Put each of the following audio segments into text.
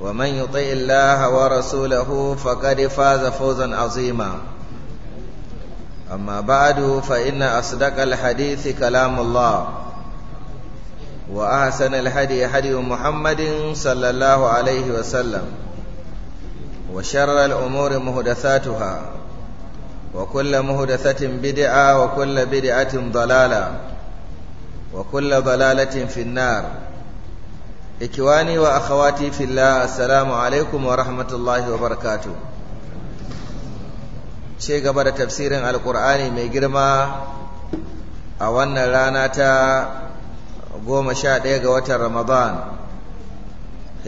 ومن يطع الله ورسوله فقد فاز فوزا عظيما أما بعد فإن أصدق الحديث كلام الله وأحسن الحدي حدي محمد صلى الله عليه وسلم وشر الأمور مهدثاتها وكل مهدثة بدعة وكل بدعة ضلالة وكل ضلالة في النار ikiwani wa akhawati fillah assalamu alaikum wa rahmatullahi wa barakatuh ce gaba da tafsirin alkur'ani mai girma a wannan rana ta goma sha ɗaya ga watan ramadan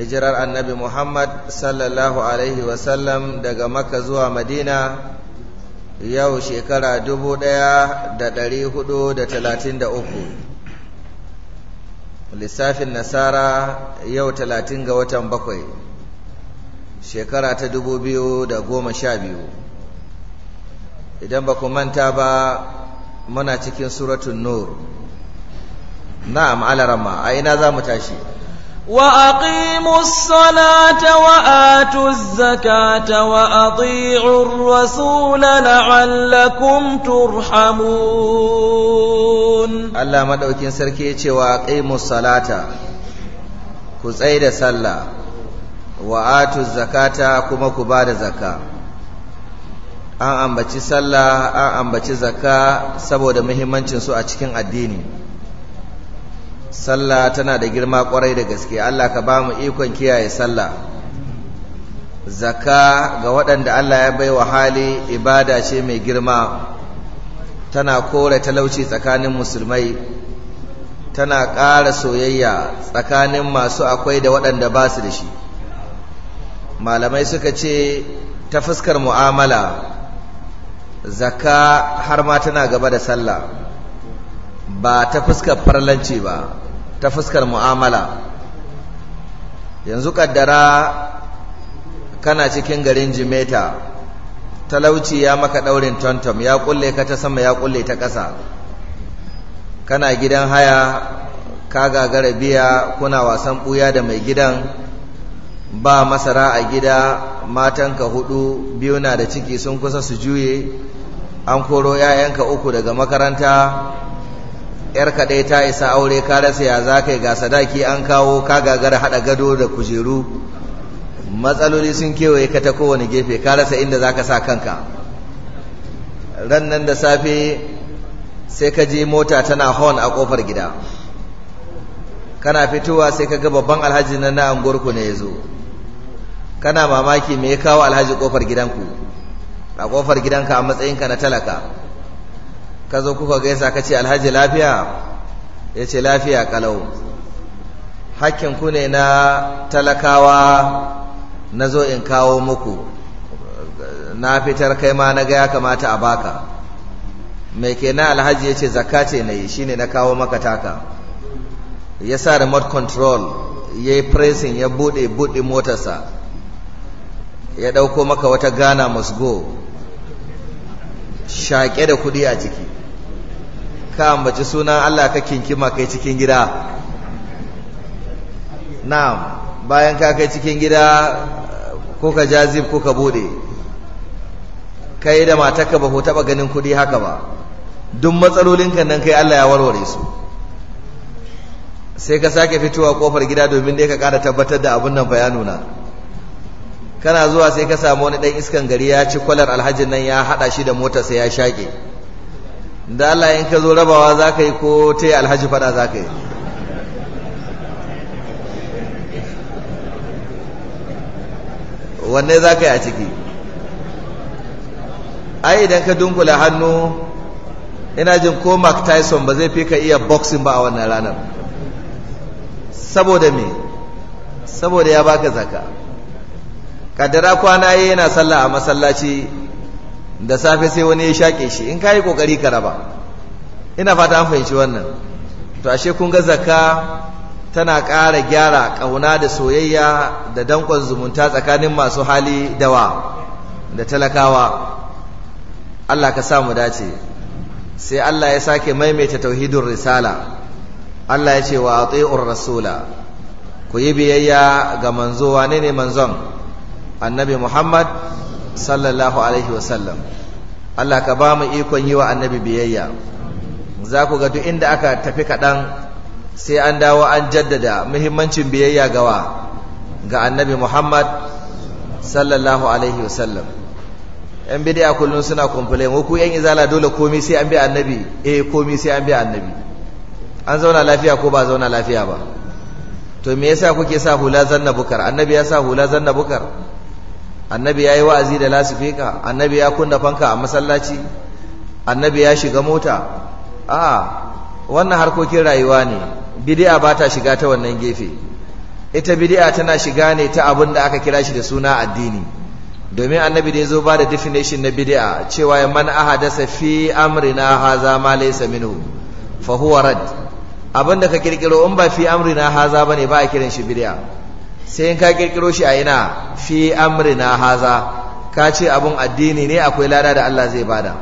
hijirar annabi muhammad sallallahu alaihi wasallam daga makka zuwa madina yau shekara dubu ɗaya da ɗari hudu da talatin da uku lissafin nasara yau talatin ga watan bakwai shekara ta dubu biyu da goma sha biyu idan ba ku manta ba muna cikin suratun nur na'am alarama a ina za mu tashi وأقيموا الصلاة وآتوا الزكاة وأطيعوا الرسول لعلكم ترحمون الله مدعوكين سركيتي وأقيموا الصلاة كسيد صلى وآتوا الزكاة كما كبار زكاة an ambaci sallah an ambaci zakka saboda muhimmancin su a cikin addini sallah tana da girma kwarai da gaske Allah ka ba mu ikon kiyaye sallah zaka ga waɗanda Allah ya bai wa hali ibada ce mai girma tana kore talauci tsakanin musulmai tana ƙara soyayya tsakanin masu akwai da waɗanda ba su da shi malamai suka ce ta fuskar mu'amala zaka har ma tana gaba da sallah ba ta fuskar farlanci ba ta fuskar mu'amala yanzu kaddara kana cikin garin jimeta talauci ya maka daurin tontom ya kulle ka ta sama ya kulle ta ƙasa kana gidan haya ka gagara biya kuna wasan buya da mai gidan ba masara a gida matanka hudu biyu na da ciki sun kusa su juye an koro 'ya'yanka uku daga makaranta yar kaɗai ta isa aure ka rasa ya za ga sadaki an kawo ka gagara haɗa gado da kujeru matsaloli sun kewaye ka ta kowane gefe ka rasa inda za ka sa kanka ran nan da safe sai ka je mota tana horn a ƙofar gida kana fitowa sai ka ga babban alhaji na na angorku ne ya zo kana mamaki me ya kawo alhaji ƙofar gidanku a ƙofar gidanka a matsayinka na talaka ka zo kuka gaisa ka ce alhaji lafiya ya ce lafiya kalau ku ne na talakawa na zo in kawo muku na fitar kai ma na ga ya kamata a baka mai kenan alhaji ya ce zakka na yi shine na kawo maka taka ya sa remote control ya yi pressing ya buɗe buɗe motarsa ya ɗauko maka wata gana musgo shaƙe da kuɗi a ciki ka ambaci sunan Allah ka kinkima kai cikin gida na'am bayan ka kai cikin gida ko ka jazib ko ka bude kai da matarka ba ku taba ganin kudi haka ba duk matsalolinka nan kai Allah ya warware su sai ka sake fitowa kofar gida domin dai ka kara tabbatar da abin nan bayanuna. na kana zuwa sai ka samu wani dan iskan gari ya ci kwalar alhajin nan ya hada shi da sai ya shake da Allah in ka zo rabawa za ka yi ko ta yi alhaji fada za ka yi wanne za ka yi a ciki ai idan ka dunkula hannu ina jin ko mark tyson ba zai fi ka iya boxing ba a wannan ranar saboda me saboda ya baka zaka kaddara kwana yi yana sallah a masallaci da safe sai wani ya shaƙe shi in ka yi ƙoƙari ka raba ina fata an fahimci wannan to ashe kun ga zaka tana ƙara gyara ƙauna da soyayya da danƙon zumunta tsakanin masu hali dawa da talakawa Allah ka sa mu dace sai Allah ya sake maimaita tauhidin risala Allah ya ce wa ati'ur rasula ku yi biyayya ga manzo wane ne manzon annabi Muhammad sallallahu alaihi wasallam Allah ka ba mu ikon yi wa annabi biyayya za ku ga duk inda aka tafi kaɗan sai an dawo an jaddada muhimmancin biyayya gawa ga annabi Muhammad sallallahu alaihi wasallam yan bidiya kullum suna kumfule ku yan izala dole komai sai an bi annabi eh komai sai an bi annabi an zauna lafiya ko ba zauna lafiya ba to me yasa kuke sa hula zanna bukar annabi ya sa hula zanna bukar annabi ya yi wa'azi da lasifika annabi ya kunna fanka a masallaci annabi ya shiga mota a wannan harkokin rayuwa ne bidi'a ba ta shiga ta wannan gefe ita bidi'a tana shiga ne ta abin da aka kira shi da suna addini domin annabi da ya zo ba da definition na bidi'a cewa ya man da fi amrina haza ma laysa minhu fa huwa rad abin da ka kirkiro in ba fi amrina haza bane ba a kiran shi bidi'a sai in ka kirkiro shi a ina fi amrina haza ka ce abun addini ne akwai lada da Allah zai bada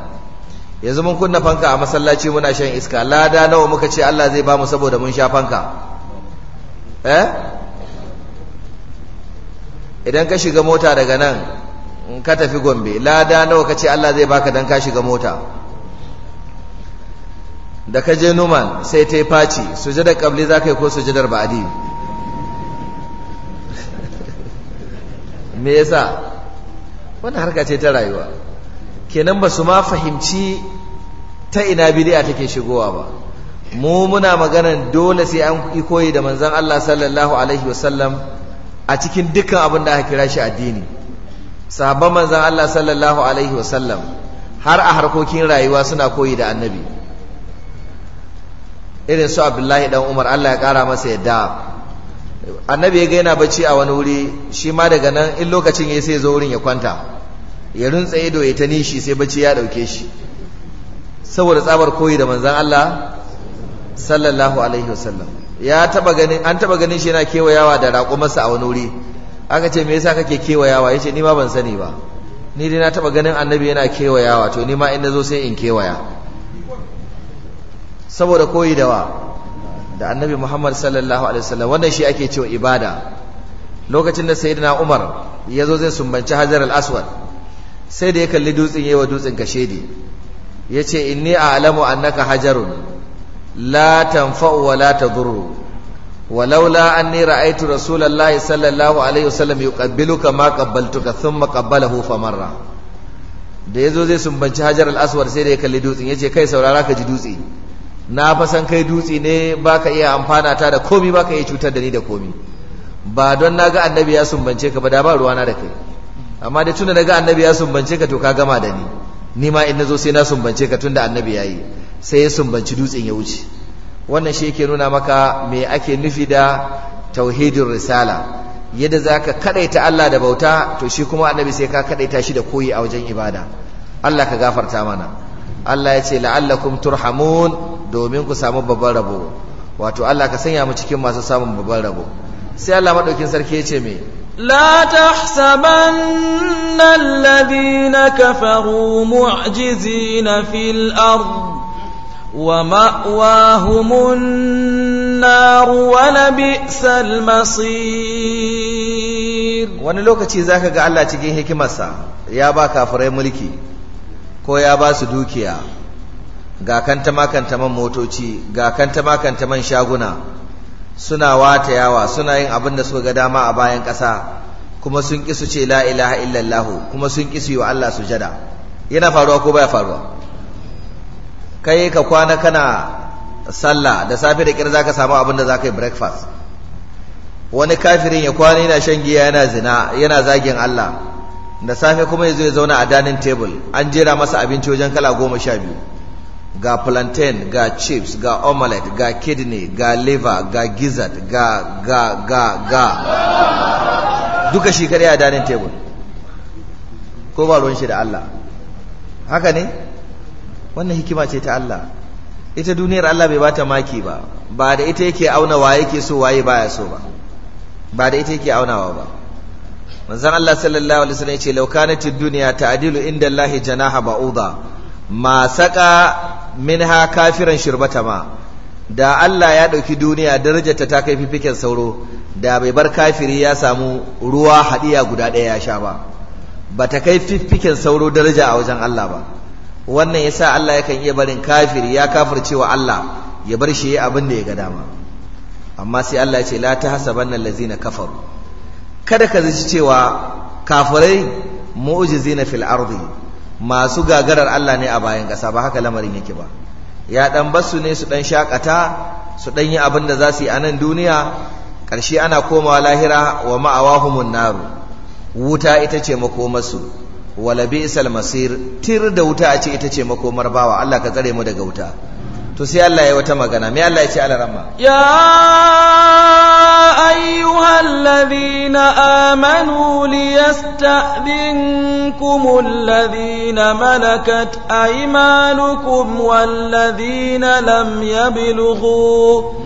yanzu mun kunna fanka a masallaci muna shan iska lada nawa muka ce Allah zai ba mu saboda mun sha fanka eh idan ka shiga mota daga nan in ka tafi gombe lada nawa ka ce Allah zai baka dan ka shiga mota da ka je numan sai ta yi faci sujadar kabli za ka yi ko sujadar ba'adi me yasa wannan harka ce ta rayuwa kenan ba su ma fahimci ta ina bidiya take shigowa ba mu muna maganan dole sai an yi koyi da manzon Allah sallallahu alaihi wasallam a cikin dukkan abin da aka kira shi addini sahabban manzon Allah sallallahu alaihi wasallam har a harkokin rayuwa suna koyi da annabi irin su Abdullahi dan Umar Allah ya kara masa yadda annabi ya ga yana bacci a wani wuri shi ma daga nan in lokacin ya sai zo wurin ya kwanta ya runtsa ido ya ta nishi sai bacci ya dauke shi saboda tsabar koyi da manzan Allah sallallahu alaihi wasallam ya taba ganin an taba ganin shi yana kewayawa da raƙumarsa a wani wuri aka ce me yasa kake kewayawa yace ni ma ban sani ba ni dai na taba ganin annabi yana kewayawa to ni ma in nazo sai in kewaya saboda koyi da wa da annabi Muhammad sallallahu alaihi wasallam wanda shi ake cewa ibada lokacin da sayyidina Umar ya zo zai sumbanci Hajar al-Aswad sai da ya kalli dutsen yayi wa dutsen kashedi yace inni a'lamu annaka hajarun la tanfa'u wa la tadurru ولولا أني رأيت رسول الله صلى الله عليه وسلم يقبلك ما قبلتك ثم قبله فمرة da yazo zai sumbanci Hajar al-Aswad sai da ya kalli dutsen yace kai saurara ka ji dutse na fasan kai dutse ne baka iya amfana ta da komi baka iya cutar da ni da komi ba don naga annabi ya sumbance ka ba da ba ruwana da kai amma da tunda naga annabi ya sumbance ka to ka gama da ni ni ma in nazo sai na sumbance ka tunda annabi yayi sai ya sumbanci dutsen ya wuce wannan shi yake nuna maka me ake nufi da tauhidin risala yadda zaka kadaita Allah da bauta to shi kuma annabi sai ka kadaita shi da koyi a wajen ibada Allah ka gafarta mana Allah ya ce la'allakum turhamun domin ku samu babban rabo wato Allah ka sanya mu cikin masu samun babban rabo sai Allah madaukin sarki ya ce me kafaru تحسبن fil ard wa ma'wahum nar wa النار ولبئس masir wani lokaci zaka ga Allah cikin hikimarsa ya ba kafirai mulki ko ya ba su dukiya ga makanta man motoci ga makanta man shaguna suna watayawa suna yin abin da suka ga dama a bayan ƙasa kuma sun ƙi su ce la ilaha illallah kuma sun ƙi su yi wa Allah sujada yana faruwa ko baya faruwa kai ka kwana kana sallah da safe da za ka samu abin da zaka yi breakfast wani kafirin ya kwana yana shan giya yana zina yana zagin Allah da safe kuma ya ya zauna a dining table an jera masa abinci wajen kala goma sha biyu ga plantain ga chips ga omelette ga kidney ga liver ga gizzard ga ga ga ga duka shi kare a dining table ko ba ruwan shi da Allah haka ne wannan hikima ce ta Allah ita duniyar Allah bai bata maki ba ba da ita yake auna wa yake so waye baya so ba ba da ita yake aunawa ba manzon Allah sallallahu alaihi wasallam ce law kanatid dunya ta'dilu inda Allah janaha ba'uda ma saka Min minha kafiran shirbata ma da Allah ya ɗauki duniya darajarta ta kai fifiken sauro da bai bar kafiri ya samu ruwa haɗiya guda ɗaya ya sha ba ba ta kai fifiken sauro daraja a wajen Allah ba wannan yasa Allah yakan iya barin kafiri ya kafirce wa Allah ya bar shi abin da ya ga dama amma sai Allah ya ce la tahsabanna allazina kafaru kada ka zaci cewa kafirai mu'jizina fil ardi masu gagarar Allah ne a bayan ƙasa ba haka lamarin yake ba ya ɗan basu ne su ɗan shaƙata, su ɗan yi abin da za su yi a nan duniya ƙarshe ana komawa lahira wa ma'awahumun naru wuta ita ce makomarsu wala isal masir tir da wuta a ce ita ce makomar bawa Allah ka tsare mu daga wuta to sai Allah ya wata magana me Allah ya ce alarama ya ayyuhalladhina amanu liyasta'dhinkumul ladhina malakat aymanukum walladhina lam yablughu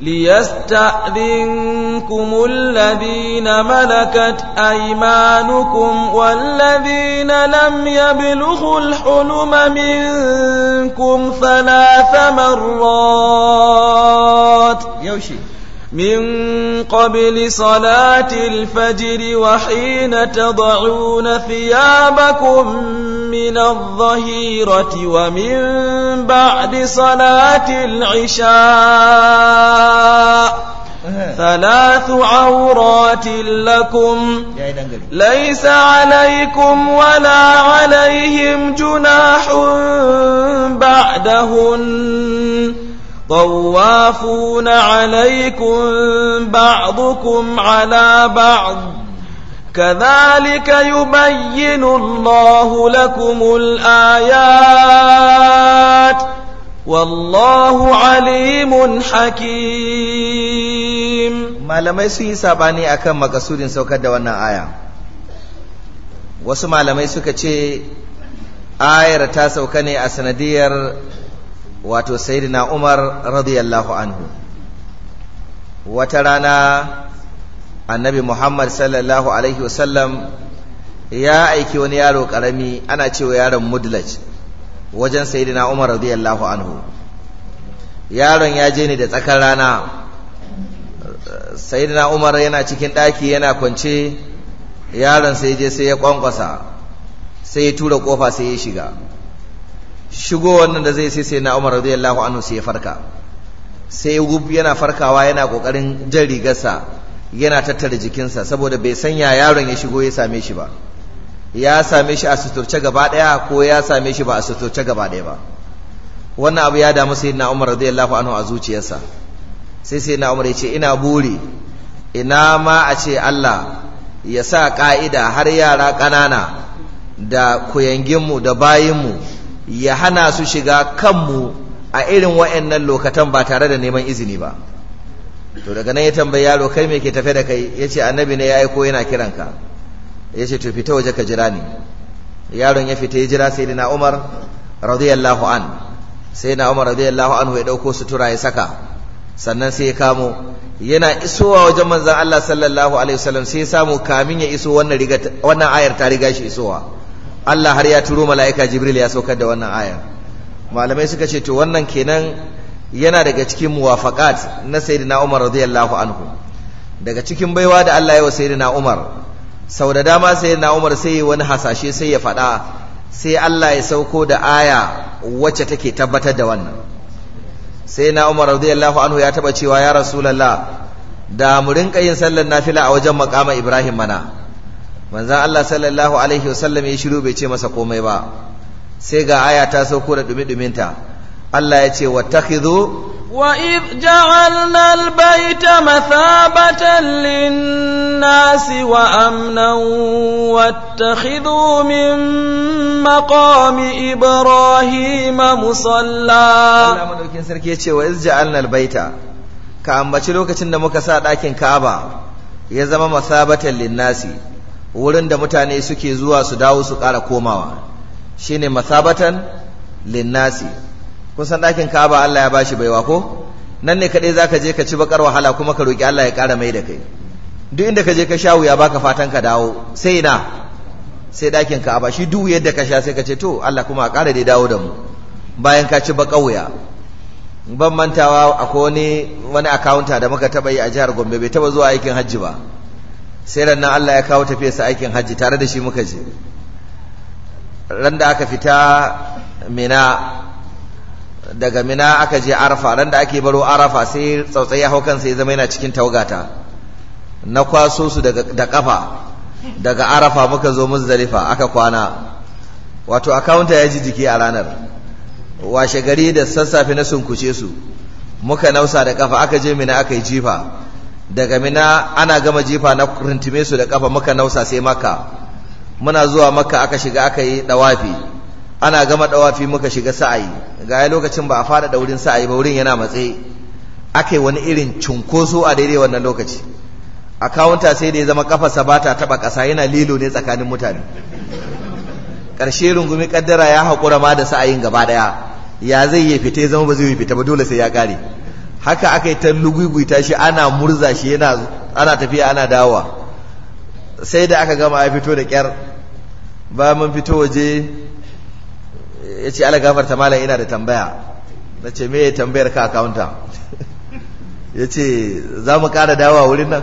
ليستأذنكم الذين ملكت أيمانكم والذين لم يبلغوا الحلم منكم ثلاث مرات يوشي من قبل صلاة الفجر وحين تضعون ثيابكم من الظهيرة ومن بعد صلاة العشاء ثلاث عورات لكم ليس عليكم ولا عليهم جناح بعدهن طوافون عليكم بعضكم على بعض كذلك يبين الله لكم الآيات والله عليم حكيم malamai sun yi sabani akan makasudin saukar da wannan aya wasu malamai suka ce ayar ta sauka ne a sanadiyar wato sayyidina Umar radiyallahu anhu wata rana annabi Muhammad sallallahu alaihi wasallam ya aiki wani yaro karami ana cewa yaron mudlaj wajen sayyidina Umar radiyallahu anhu yaron ya je ne da tsakar rana sayyidina Umar yana cikin daki yana kwance yaron sai je sai ya kwankwasa sai ya tura kofa sai ya shiga shigo wannan da zai sai sai na Umar radiyallahu anhu sai ya farka sai gub yana farkawa yana kokarin jan rigarsa yana tattara jikinsa saboda bai sanya yaron ya shigo ya same shi ba ya same shi a suturce gaba daya ko ya same shi ba a suturce gaba daya ba wannan abu ya damu sayyidina Umar radiyallahu anhu a zuciyarsa sai sayyidina Umar ya ce ina buri ina ma a ce Allah ya sa ka'ida har yara ƙanana da mu da mu ya hana su shiga kanmu a irin wa'annan lokatan ba tare da neman izini ba to daga nan ya tambayi yaro kai me ke tafe da kai yace annabi ne ya aiko yana kiranka yace to fita waje ka jira ni yaron ya fita ya jira sai na Umar radiyallahu an sai na Umar radiyallahu anhu ya dauko sutura ya saka sannan sai ya kamo yana isowa wajen manzon Allah sallallahu alaihi wasallam sai ya samu kamin ya iso wannan rigar wannan ayar ta riga shi isowa Allah har ya turo mala'ika Jibril ya saukar da wannan aya malamai suka ce to wannan kenan yana daga cikin muwafaqat na sayyidina Umar radiyallahu anhu daga cikin baiwa da Allah ya wa sayyidina Umar sau da dama sayyidina Umar sai wani hasashe sai ya faɗa sai Allah ya sauko da aya wacce take tabbatar da wannan sayyidina Umar radiyallahu anhu ya taba cewa ya rasulullah da mu rinka yin sallar nafila a wajen maqama Ibrahim mana manzan Allah sallallahu alaihi wasallam ya shiru bai ce masa komai ba sai ga aya ta sauko da dumi-duminta Allah ya ce wattakhidhu وإذ جعلنا البيت مثابة للناس وأمنا واتخذوا من مقام إبراهيم مصلى وإذ جعلنا البيت كأن بشلوك تندمك ساعة لكن كعبة يزم مثابة للناس wurin da mutane suke zuwa su dawo su ƙara komawa shine masabatan linnasi kun san ɗakin Ka'aba Allah ya bashi baiwa ko nan ne kaɗai zaka je ka ci bakar wahala kuma ka roƙi Allah ya ƙara mai da kai duk inda ka je ka sha wuya baka fatan ka dawo sai na sai ɗakin Ka'aba shi duk yadda ka sha sai ka ce to Allah kuma a ƙara dai dawo da mu bayan ka ci bakar wuya ban mantawa akwai wani wani akawunta da muka taɓa yi a jihar Gombe bai taɓa zuwa aikin hajji ba sai rannan Allah ya kawo tafiyarsa aikin hajji tare da shi muka je ran da aka fita mina daga mina aka je arafa ran da ake baro arafa sai tsautsayi ya hau kansa ya zama yana cikin taugata na kwaso su da kafa daga arafa muka zo muzdalifa aka kwana wato akawunta ya ji jiki a ranar washe gari da sassafe na sunkuce su muka nausa da kafa aka je mina aka yi jifa daga mina ana gama jifa na rintime su da kafa muka nausa sai maka muna zuwa maka aka shiga aka yi dawafi ana gama dawafi muka shiga sa'ayi ga ya lokacin ba a fara da wurin sa'ayi ba wurin yana matse aka yi wani irin cunkoso a daidai wannan lokaci a kawunta sai da ya zama kafa sabata ta taba kasa yana lilo ne tsakanin mutane ƙarshe rungumi kaddara ya haƙura ma da sa'ayin gaba ɗaya ya zai yi fita ya zama ba zai yi fita ba dole sai ya ƙare haka aka yi ta lugugwita shi ana murza shi yana ana tafiya ana dawa sai da aka gama ya fito da kyar ba mun fito waje ya ce ala gafarta malam ina da tambaya na ce me tambayar ka kaunta ya ce za mu kara dawa wurin nan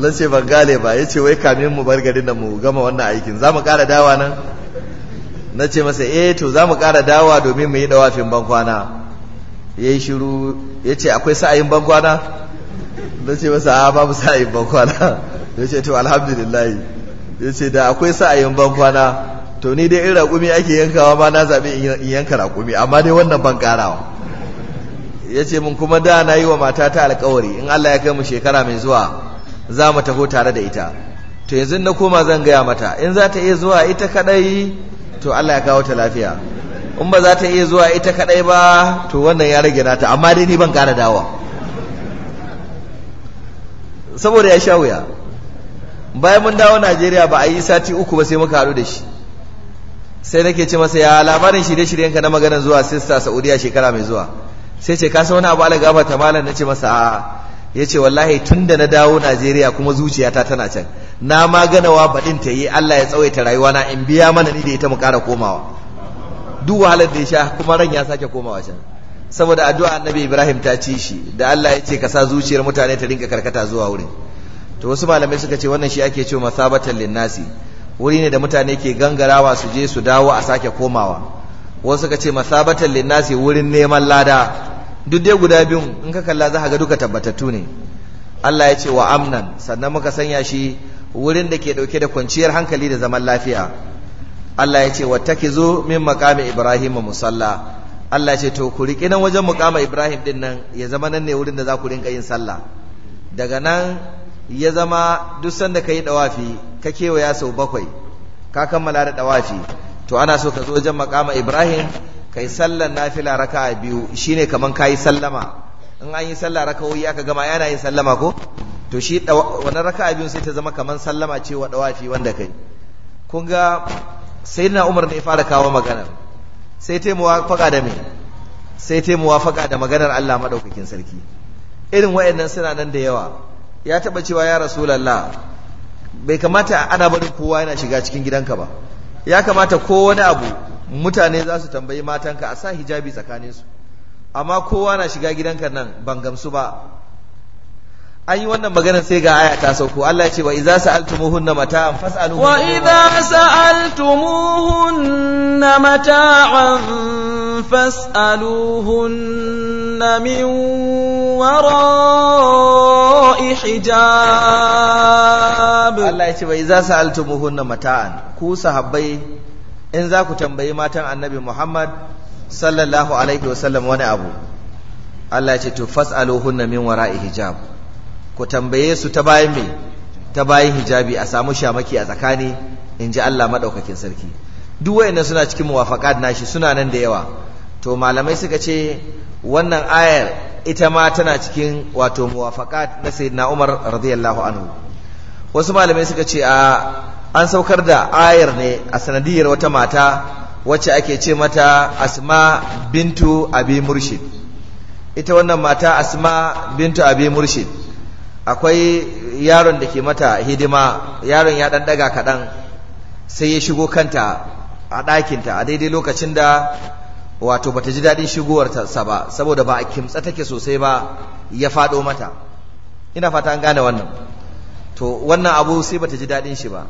lan ce ba ya ce wai kamin mu bar garin nan mu gama wannan aikin za mu ƙara dawa nan na ce masa eh to za mu ƙara dawa domin mu yi ɗawafin bankwana ya yi shiru ya ce akwai sa'ayin bankwana na ce masa a babu sa'ayin bankwana ya ce to alhamdulillah ya ce da akwai sa'ayin bankwana to ni dai irin raƙumi ake yankawa ma na zaɓi in yanka raƙumi amma dai wannan ban ƙarawa ya ce mun kuma da na yi wa matata alƙawari in Allah ya kai mu shekara mai zuwa za mu taho tare da ita to yanzu na koma zan gaya mata in za ta iya zuwa ita kaɗai to Allah ya kawo ta lafiya in ba za ta iya zuwa ita kadai ba to wannan ya rage nata amma dai ni ban kara dawa saboda ya sha wuya bayan mun dawo Najeriya ba a yi sati uku ba sai muka haɗu da shi sai nake ce masa ya labarin shirye-shiryenka na maganar zuwa sista Saudiya shekara mai zuwa sai ce ka san wani abu alagafa ta malam nace masa a'a yace wallahi tunda na dawo Najeriya kuma zuciyata tana can na maganawa baɗin ta yi Allah ya tsawaita rayuwa na in biya mana ni da ita mu ƙara komawa duk wahalar da ya sha kuma ran ya sake komawa can saboda addu'a annabi Ibrahim ta ci shi da Allah ya ce ka sa zuciyar mutane ta rinka karkata zuwa wurin to wasu malamai suka ce wannan shi ake cewa masabatan linnasi wuri ne da mutane ke gangarawa su je su dawo a sake komawa wasu suka ce masabatan linnasi wurin neman lada duk dai guda biyun in ka kalla za ka ga duka tabbatattu ne Allah ya ce wa amnan sannan muka sanya shi wurin da ke dauke da kwanciyar hankali da zaman lafiya Allah ya ce zo min maqami ibrahim musalla Allah ya ce to ku riƙi nan wajen mukama Ibrahim din nan ya zama nan ne wurin da za ku rinka yin sallah daga nan ya zama duk sanda ka yi ɗawafi ka kewaya sau bakwai ka kammala da dawafi to ana so ka zo wajen makama Ibrahim kai yi sallar nafila raka biyu shine kaman ka yi sallama in an yi sallah raka wuyi aka gama yana yin sallama ko to shi wani raka abin sai ta zama kamar sallama ce wa dawafi wanda kai kun ga na Umar ne fara kawo maganar sai ta muwafaka da mai. sai ta muwafaka da maganar Allah maɗaukakin sarki irin wayannan suna nan da yawa ya taɓa cewa ya rasu lalla. bai kamata ana barin kowa yana shiga cikin gidanka ba ya kamata ko wani abu mutane za su tambayi matanka a sa hijabi tsakaninsu amma kowa na shiga gidanka nan ban gamsu ba an yi wannan magana sai ga aya ta sauko Allah ya ce wa idza sa'altumuhunna mata'an fas'aluhunna wa idza sa'altumuhunna mata'an fas'aluhunna min wara'i hijab Allah ya ce wa idza sa'altumuhunna mata'an ku sahabbai in za ku tambayi matan Annabi Muhammad sallallahu alaihi wasallam wani abu Allah ya ce to fas'aluhunna min wara'i hijab ku tambaye su ta bayan me ta bayan hijabi a samu shamaki a tsakani in ji Allah madaukakin sarki duk wayannan suna cikin muwafaqat nashi suna nan da yawa to malamai suka ce wannan ayar ita ma tana cikin wato muwafaqat na sayyidina Umar radiyallahu anhu wasu malamai suka ce a an saukar da ayar ne a sanadiyar wata mata wacce ake ce mata asma bintu abi murshid ita wannan mata asma bintu abi murshid akwai yaron da ke mata hidima yaron ya ɗan ɗaga kaɗan sai ya shigo kanta a ɗakinta a daidai lokacin da wato bata ji daɗin shigowarsa ba saboda ba a kimtsa take sosai ba ya faɗo mata ina fata an gane wannan to wannan abu sai bata ji daɗin shi ba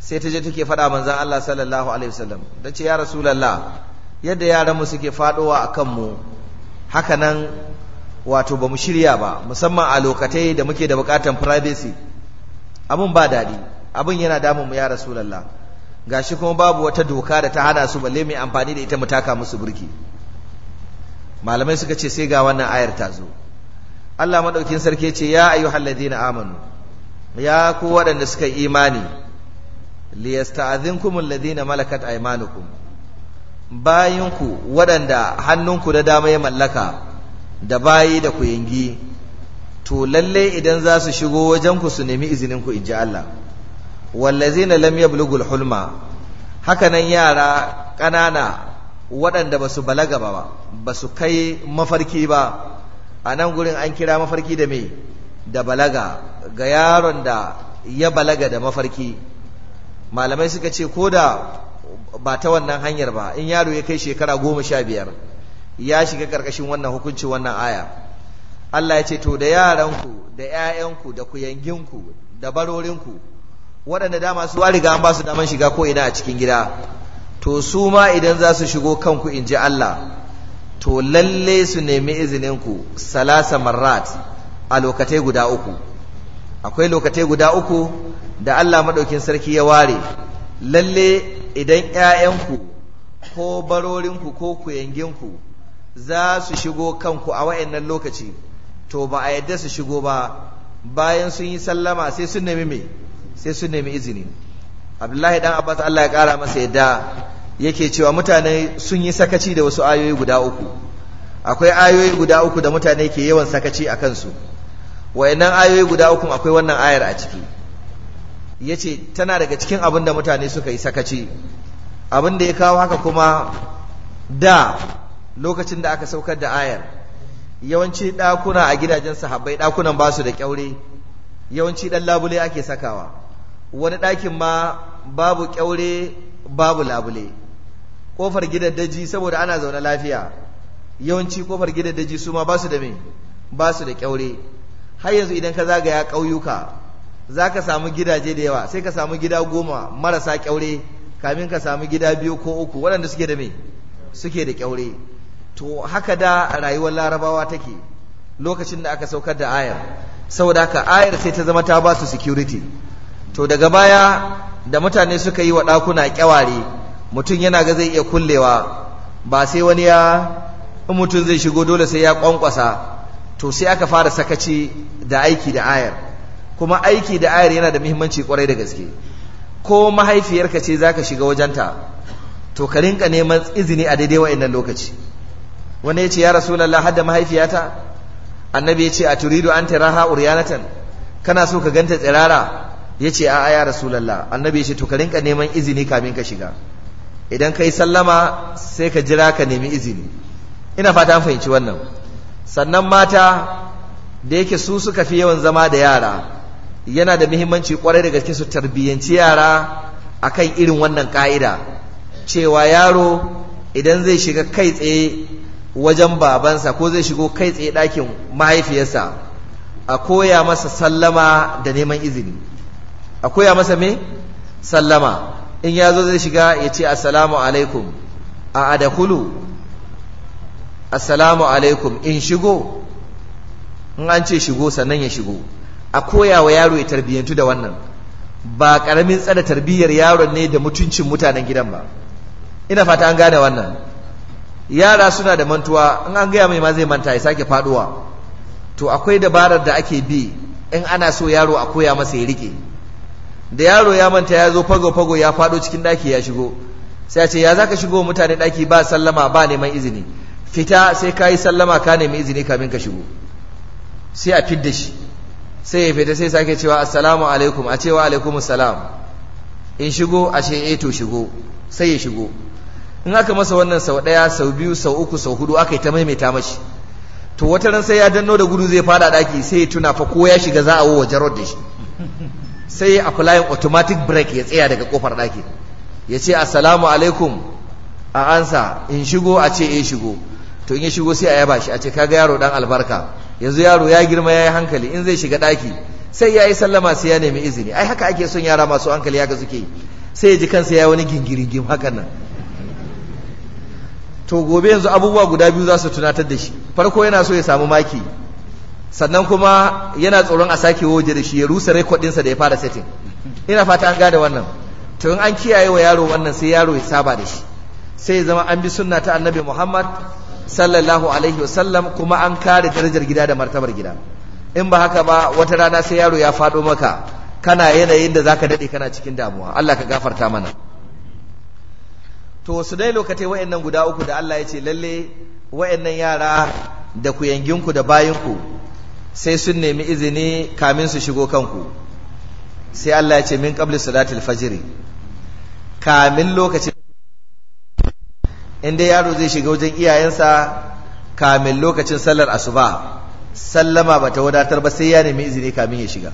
sai ta je take faɗa manzan Allah sallallahu alaihi wasallam dace ya rasulallah yadda yaran mu suke faɗowa a mu haka nan wato ba mu shirya ba musamman a lokacin da muke da bukatan privacy abun ba daɗi abun yana damun mu ya rasulullah gashi kuma babu wata doka da ta hana su balle mai amfani da ita mu taka musu burki malamai suka ce sai ga wannan ayar ta zo Allah madaukin sarki ce ya ayyuhal ladina amanu ya ku waɗanda suka imani liyasta'adhinkum alladhina malakat aymanukum bayinku waɗanda hannunku da dama ya mallaka da bayi da yingi to lalle idan za su shigo ku su nemi izinin ku inji Allah wallazina lam yablughul hulma hakanan yara ƙanana waɗanda ba su balaga ba ba su kai mafarki ba a nan gurin an kira mafarki da me da balaga ga yaron da ya balaga da mafarki malamai suka ce ko da ba ta wannan hanyar ba in yaro ya kai shekara goma sha biyar ya shiga ƙarƙashin wannan hukunci wannan aya Allah ya ce to da yaranku da ƴaƴanku da kuyanginku da barorinku waɗanda dama su riga an ba su daman shiga ko ina a cikin gida to su ma idan za su shigo kanku in ji Allah to lalle su nemi izininku salasa marrat a lokatai guda uku akwai lokatai guda uku da Allah maɗaukin sarki ya ware lalle idan ‘ya'yanku ko barorinku ko kuyanginku za su shigo kanku a wa'annan lokaci to ba a yadda su shigo ba bayan sun yi sallama sai sun nemi me sai sun nemi izini abdullahi dan abbas Allah ya kara masa yadda yake cewa mutane sun yi sakaci da wasu ayoyi guda uku akwai ayoyi guda uku da mutane ke yawan sakaci a kansu wayannan ayoyi guda uku akwai wannan ayar a ciki yace tana daga cikin abin da mutane suka yi sakaci abin da ya kawo haka kuma da lokacin da aka saukar da ayar yawanci ɗakuna a gidajen sahabbai ɗakunan ba su da kyaure yawanci ɗan labule ake sakawa wani ɗakin ma babu kyaure babu labule kofar gidan daji saboda ana zaune lafiya yawanci kofar gidan daji su ma ba su da me ba su da kyaure har yanzu idan ka zagaya ƙauyuka za ka samu gidaje da yawa sai ka samu gida goma marasa kyaure kamin ka samu gida biyu ko uku waɗanda suke da me suke da kyaure to haka da rayuwar larabawa take lokacin da aka saukar da ayar saboda haka ayar sai ta zama ta ba su security to daga baya da mutane suka yi wa ɗakuna kyaware mutum yana ga zai iya kullewa ba sai wani ya in mutum zai shigo dole sai ya kwankwasa to sai aka fara sakaci da aiki da ayar kuma aiki da ayar yana da muhimmanci kwarai da gaske ko mahaifiyarka ce za ka shiga wajenta to ka rinka neman izini a daidai wa'annan lokaci wani ya ce ya rasu lalla, hadda mahaifiyata annabi ya ce a turidu an tiraha uryanatan kana so ka ganta tsirara ya ce a'a ya rasu lalla. annabi ya ce to ka rinka neman izini kamin ka shiga idan ka yi sallama sai ka jira ka nemi izini ina fata an fahimci wannan sannan mata da yake su suka fi yawan zama da yara yana da muhimmanci kwarai da gaske su tarbiyyanci yara akan irin wannan ka'ida cewa yaro idan zai shiga kai tsaye wajen babansa ko zai shigo kai tsaye ɗakin mahaifiyarsa a koya masa sallama da neman izini a koya masa me sallama in ya zo zai shiga ya ce assalamu alaikum a adakulu assalamu alaikum in shigo in an ce shigo sannan ya shigo a koya wa yaro ya tarbiyyantu da wannan ba ƙaramin tsada tarbiyyar yaron ne da mutuncin mutanen gidan ba ina fata an gane wannan yara suna da mantuwa in an gaya mai ma zai manta ya sake faduwa to akwai dabarar da ake bi in ana so yaro a koya masa ya rike da yaro ya manta ya zo fago fago ya fado cikin daki ya shigo sai a ce ya zaka shigo mutane daki ba sallama ba neman izini fita sai ka sallama ka nemi izini kamin ka shigo sai a fidda shi sai ya fita sai sake cewa assalamu alaikum a cewa alaikum salam in shigo a ce eh to shigo sai ya shigo in aka masa wannan sau ɗaya sau biyu sau uku sau hudu aka yi ta maimaita mashi to wata ran sai ya danno da gudu zai fada daki sai ya tuna fa ko ya shiga za a wo jarod da shi sai ya apply automatic break ya tsaya daga kofar daki ya ce assalamu alaikum a ansa in shigo a ce in eh, shigo to in ya shigo sai a yaba shi a ce kaga yaro dan albarka yanzu yaro ya girma ya yi hankali in zai shiga daki sai ya yi sallama sai ya nemi izini ai haka ake son yara masu hankali haka suke sai ya ji kansa ya wani gingiringim hakan nan to gobe yanzu abubuwa guda biyu za su tunatar da shi farko yana so ya samu maki sannan kuma yana tsoron a sake waje da shi ya rusa rekodinsa da ya fara setting ina fata an gane wannan to in an kiyaye wa yaro wannan sai yaro ya saba da shi sai ya zama an bi sunna ta annabi muhammad sallallahu alaihi wasallam kuma an kare darajar gida da martabar gida in ba haka ba wata rana sai yaro ya faɗo maka kana yanayin da zaka daɗe kana cikin damuwa allah ka gafarta mana to su dai lokacin wa'annan guda uku da Allah ya ce lalle wa'annan yara da ku yanginku da bayinku sai sun nemi izini kamin su shigo kanku sai Allah ya ce min qabli salatil fajiri kamin lokacin inda yaro zai shiga wajen iyayensa kamin lokacin sallar asuba sallama bata wadatar ba sai ya nemi izini kamin ya shiga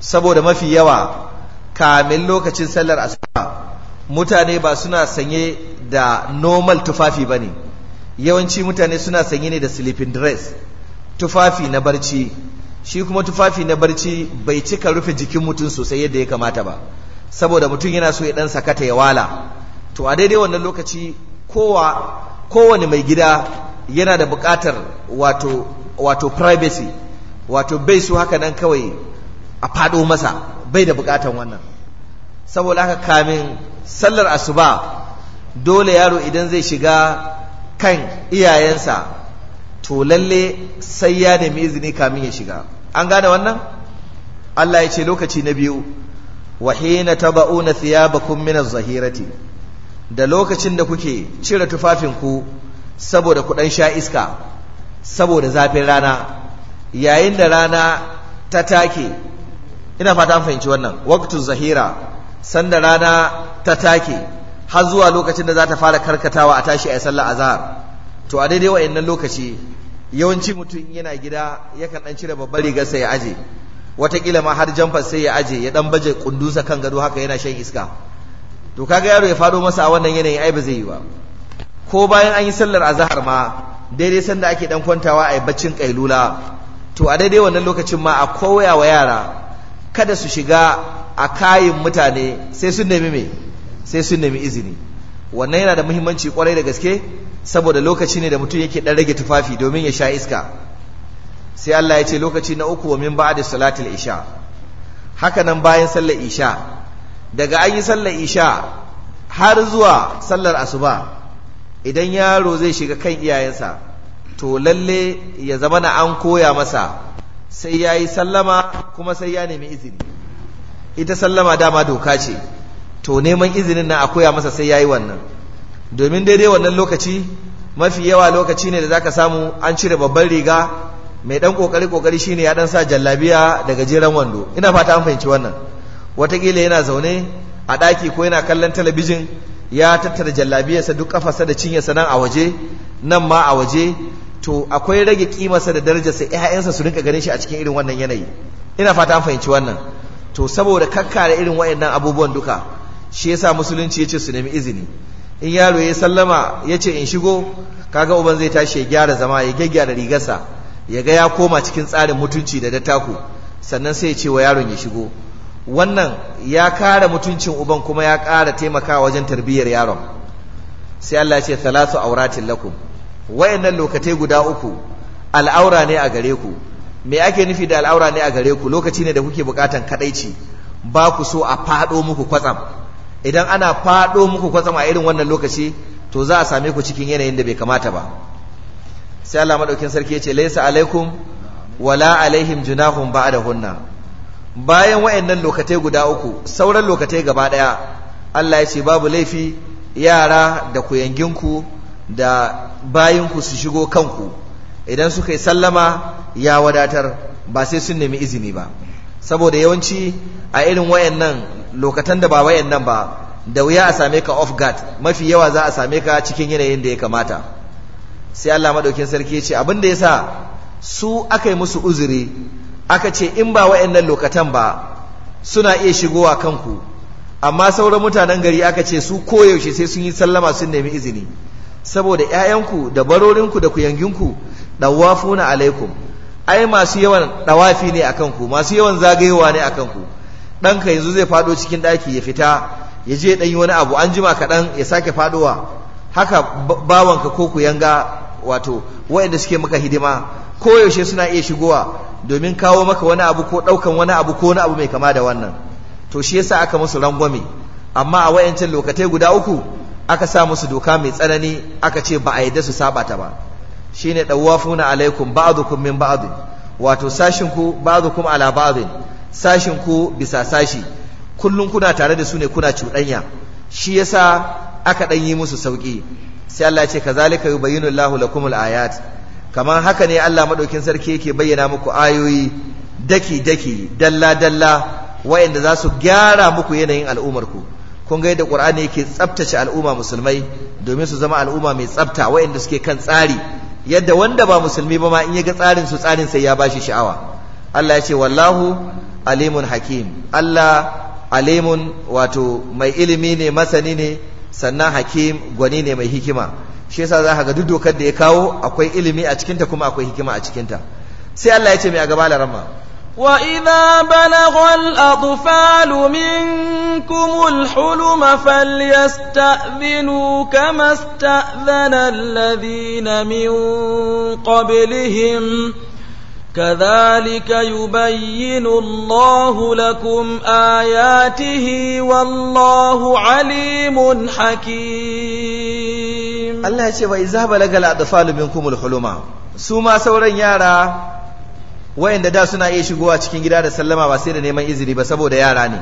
saboda mafi yawa kamin lokacin sallar asuba mutane ba suna sanye da normal tufafi ba ne yawanci mutane suna sanye ne da sleeping dress tufafi na barci shi kuma tufafi na barci bai cika rufe jikin mutum sosai yadda ya kamata ba saboda mutum yana so ya dan sakata ya wala to a daidai wannan lokaci kowa kowane mai gida yana da buƙatar wato wato privacy wato bai su haka nan kawai a faɗo masa bai da bukatar wannan saboda haka kamin sallar asuba dole yaro idan zai shiga kan iyayensa to lalle sai ya nemi izini kamin ya shiga an gane wannan Allah ya ce lokaci na biyu wa hina taba'una thiyabakum min az-zahirati da lokacin da kuke cire tufafinku saboda kudan sha iska saboda zafin rana yayin da rana ta take ina fata an fahimci wannan waqtu zahira sanda rana ta take har zuwa lokacin da za ta fara karkatawa a tashi a sallar azahar to a daidai wa'annan lokaci yawanci mutum yana gida yakan dan cire babbar rigar sa ya aje watakila ma har jamfar sai ya aje ya dan baje kundusa kan gado haka yana shan iska to kaga yaro ya fado masa a wannan yanayin ai ba zai yi ba ko bayan an yi sallar azahar ma daidai sanda ake dan kwantawa a yi baccin kailula to a daidai wannan lokacin ma a koya wa yara kada su shiga a kayin mutane sai sun nemi me sai sun nemi izini wannan yana da muhimmanci kwarai da gaske saboda lokaci ne da mutum yake ɗan rage tufafi domin ya sha iska sai Allah ya ce lokaci na uku wa min ba'da salatul isha haka nan bayan sallar isha daga an yi sallar isha har zuwa sallar asuba idan yaro zai shiga kan iyayensa to lalle ya zama na an koya masa sai ya yi sallama kuma sai ya nemi izini ita sallama dama doka ce to neman izinin na a koya masa sai yayi wannan domin daidai wannan lokaci mafi yawa lokaci ne da zaka samu an cire babban riga mai dan kokari kokari shine ya dan sa jallabiya da gajeren wando ina fata an fahimci wannan watakila yana zaune a daki ko yana kallon talabijin ya tattara jallabiyarsa duk kafarsa da cinyarsa nan a waje nan ma a waje to akwai rage kimarsa da darajarsa ƴaƴansa su rinka ganin shi a cikin irin wannan yanayi ina fata an fahimci wannan to saboda kakkare irin waɗannan abubuwan duka shi yasa musulunci ya ce su nemi izini in yaro ya sallama yace in shigo kaga uban zai tashi ya gyara zama ya gyaggyara rigarsa ya ga ya koma cikin tsarin mutunci da dattaku sannan sai ya ce wa yaron ya shigo wannan ya kara mutuncin uban kuma ya kara taimakawa wajen tarbiyyar yaron sai Allah ya ce thalathu auratin lakum wayannan lokatai guda uku al'aura ne a gare ku me ake nufi da al'aura ne a gare ku lokaci ne da kuke bukatan kadaici ba ku so a fado muku kwatsam idan ana fado muku kwatsam a irin wannan lokaci to za a same ku cikin yanayin da bai kamata ba sai Allah madaukin sarki ya ce laysa alaikum wala alaihim junahum hunna. bayan wayannan lokatai guda uku sauran lokatai gaba daya Allah ya ce babu laifi yara da kuyanginku da bayinku su shigo kanku idan suka yi sallama ya wadatar ba sai sun nemi izini ba saboda yawanci a irin wayannan lokatan da ba wayannan ba da wuya a same ka off guard mafi yawa za a same ka cikin yanayin da ya kamata sai Allah madaukin sarki ya ce abin da yasa su aka yi musu uzuri aka ce in ba wayannan lokatan ba suna iya shigowa kanku amma sauran mutanen gari aka ce su koyaushe sai sun yi sallama sun nemi izini saboda 'ya'yanku da barorinku da kuyanginku na alaikum ai masu yawan ɗawafi ne a kanku, masu yawan zagayewa ne a kanku ɗanka yanzu zai fado cikin ɗaki ya fita ya je ɗan yi wani abu an jima kaɗan ya sake fadowa haka bawanka ko ku yanga wato wa'inda suke maka hidima koyaushe suna iya shigowa domin kawo maka wani abu ko ɗaukan wani abu ko wani abu mai kama da wannan to shi yasa aka musu rangwame amma a wayancan lokatai guda uku aka sa musu doka mai tsanani aka ce ba a yadda su saba ta ba shine dawafuna alaikum ba'dukum min ba'd wato sashin ku ba'dukum ala ba'd sashin ku bisa sashi kullun kuna tare da su ne kuna cuɗanya shi yasa aka ɗan yi musu sauki sai Allah ya ce kazalika yubayyinu Allahu lakumul ayat kamar haka ne Allah madaukin sarki yake bayyana muku ayoyi daki daki dalla dalla wayanda za su gyara muku yanayin al'umarku kun ga yadda ƙur'ani yake tsabtace al'umma musulmai domin su zama al'umma mai tsabta waɗanda suke kan tsari yadda wanda ba musulmi ba ma in ya ga tsarin su tsarin sai ya bashi sha'awa Allah ya ce wallahu alimun hakim Allah alimun wato mai ilimi ne masani ne sannan hakim gwani ne mai hikima shi yasa za ka ga duk dokar da ya kawo akwai ilimi a cikinta kuma akwai hikima a cikinta sai Allah ya ce mai a gaba larama وإذا بلغ الأطفال منكم الحلم فليستأذنوا كما استأذن الذين من قبلهم كذلك يبين الله لكم آياته والله عليم حكيم الله يقول وإذا بلغ الأطفال منكم الحلم سوما سورا يارا wayanda da suna iya shigowa cikin gida da sallama ba sai da neman izini ba saboda yara ne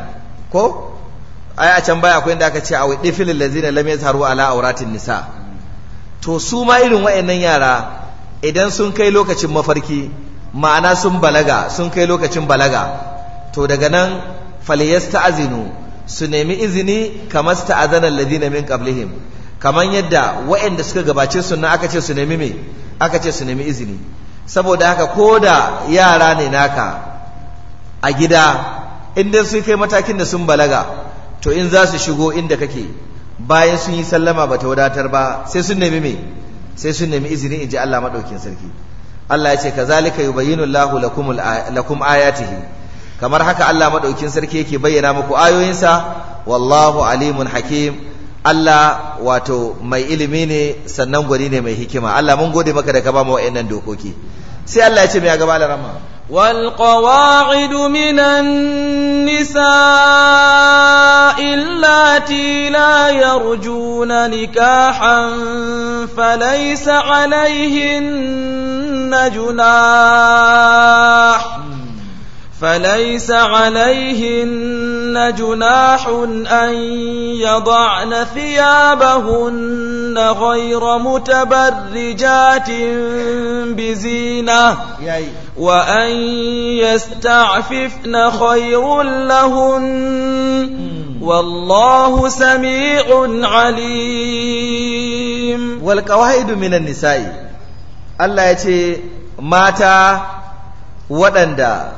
ko ai a can baya akwai inda aka ce a wai difil lazina lam yazharu ala auratin nisa to su ma irin wayannan yara idan sun kai lokacin mafarki ma'ana sun balaga sun kai lokacin balaga to daga nan falyasta'zinu su nemi izini kamar sta'azana alladhina min qablihim kamar yadda wayanda suka gabace sunna aka ce su nemi me aka ce su nemi izini saboda haka ko da yara ne naka a gida inda su sun kai matakin da sun balaga to in za su shigo inda kake bayan sun yi sallama ba ta wadatar ba sai sun nemi me sai sun nemi izini in ji Allah maɗaukin sarki Allah ya ce ka zalika bayinu Allah lakum ayatihi kamar haka Allah maɗaukin sarki yake bayyana muku ayoyinsa wallahu alimun hakim Allah wato mai ilimi ne sannan gwani ne mai hikima Allah mun gode maka da ka ba mu wa'annan dokoki sai Allah ya ce mai gaba larama wal qawa'id minan nisa illati la yarjuna nikahan falaysa alayhin najuna hmm. فليس عليهن جناح أن يضعن ثيابهن غير متبرجات بزينة وأن يستعففن خير لهن والله سميع عليم والقواعد من النساء الله يتي ماتا ودندا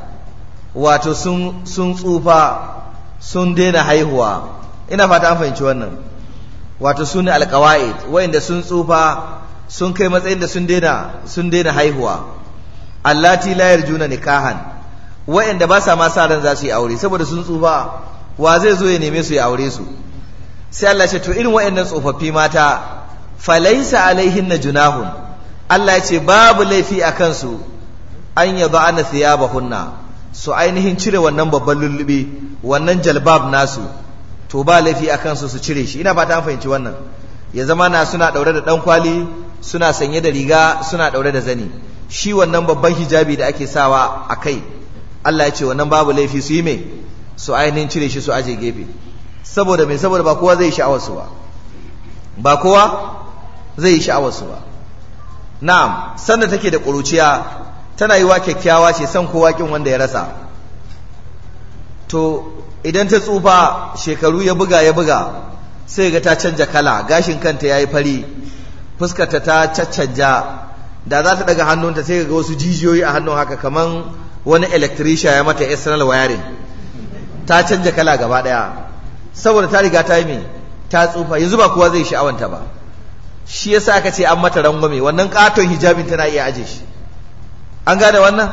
wato sun tsufa sun daina haihuwa ina fata an fahimci wannan wato su ne alkawa'id sun tsufa sun kai matsayin da sun daina sun daina haihuwa allati la yarjuna nikahan wa'inda ba sa ma sa ran za su yi aure saboda sun tsufa wa zai zo ya neme su ya aure su sai Allah ya ce to irin wa'annan tsofaffi mata falaisa alaihinna junahun Allah ya ce babu laifi a kansu an yaba ana thiyabahunna su ainihin cire wannan babban lullube wannan jalbab nasu to ba laifi a kansu su cire shi ina fata an fahimci wannan ya zama na suna daure da ɗankwali suna sanye da riga suna daure da zani shi wannan babban hijabi da ake sawa a kai Allah ya ce wannan babu laifi su yi me su ainihin cire shi su aje gefe saboda me saboda ba kowa zai yi sha'awar su ba ba kowa zai yi sha'awar su ba na'am sannan take da ƙuruciya tana yiwa kyakkyawa ce san kowa kin wanda ya rasa to idan ta tsufa shekaru ya buga ya buga sai ga ta canja kala gashin kanta ya yi fari fuskarta ta caccanja da za ta daga hannunta sai ga wasu jijiyoyi a hannun haka kamar wani electrician ya mata external wayarin ta canja kala gaba daya saboda ta riga ta yi me ta tsufa yanzu ba kowa zai sha'awanta ba shi yasa aka ce an mata rangwame wannan katon hijabin tana iya aje shi an gane wannan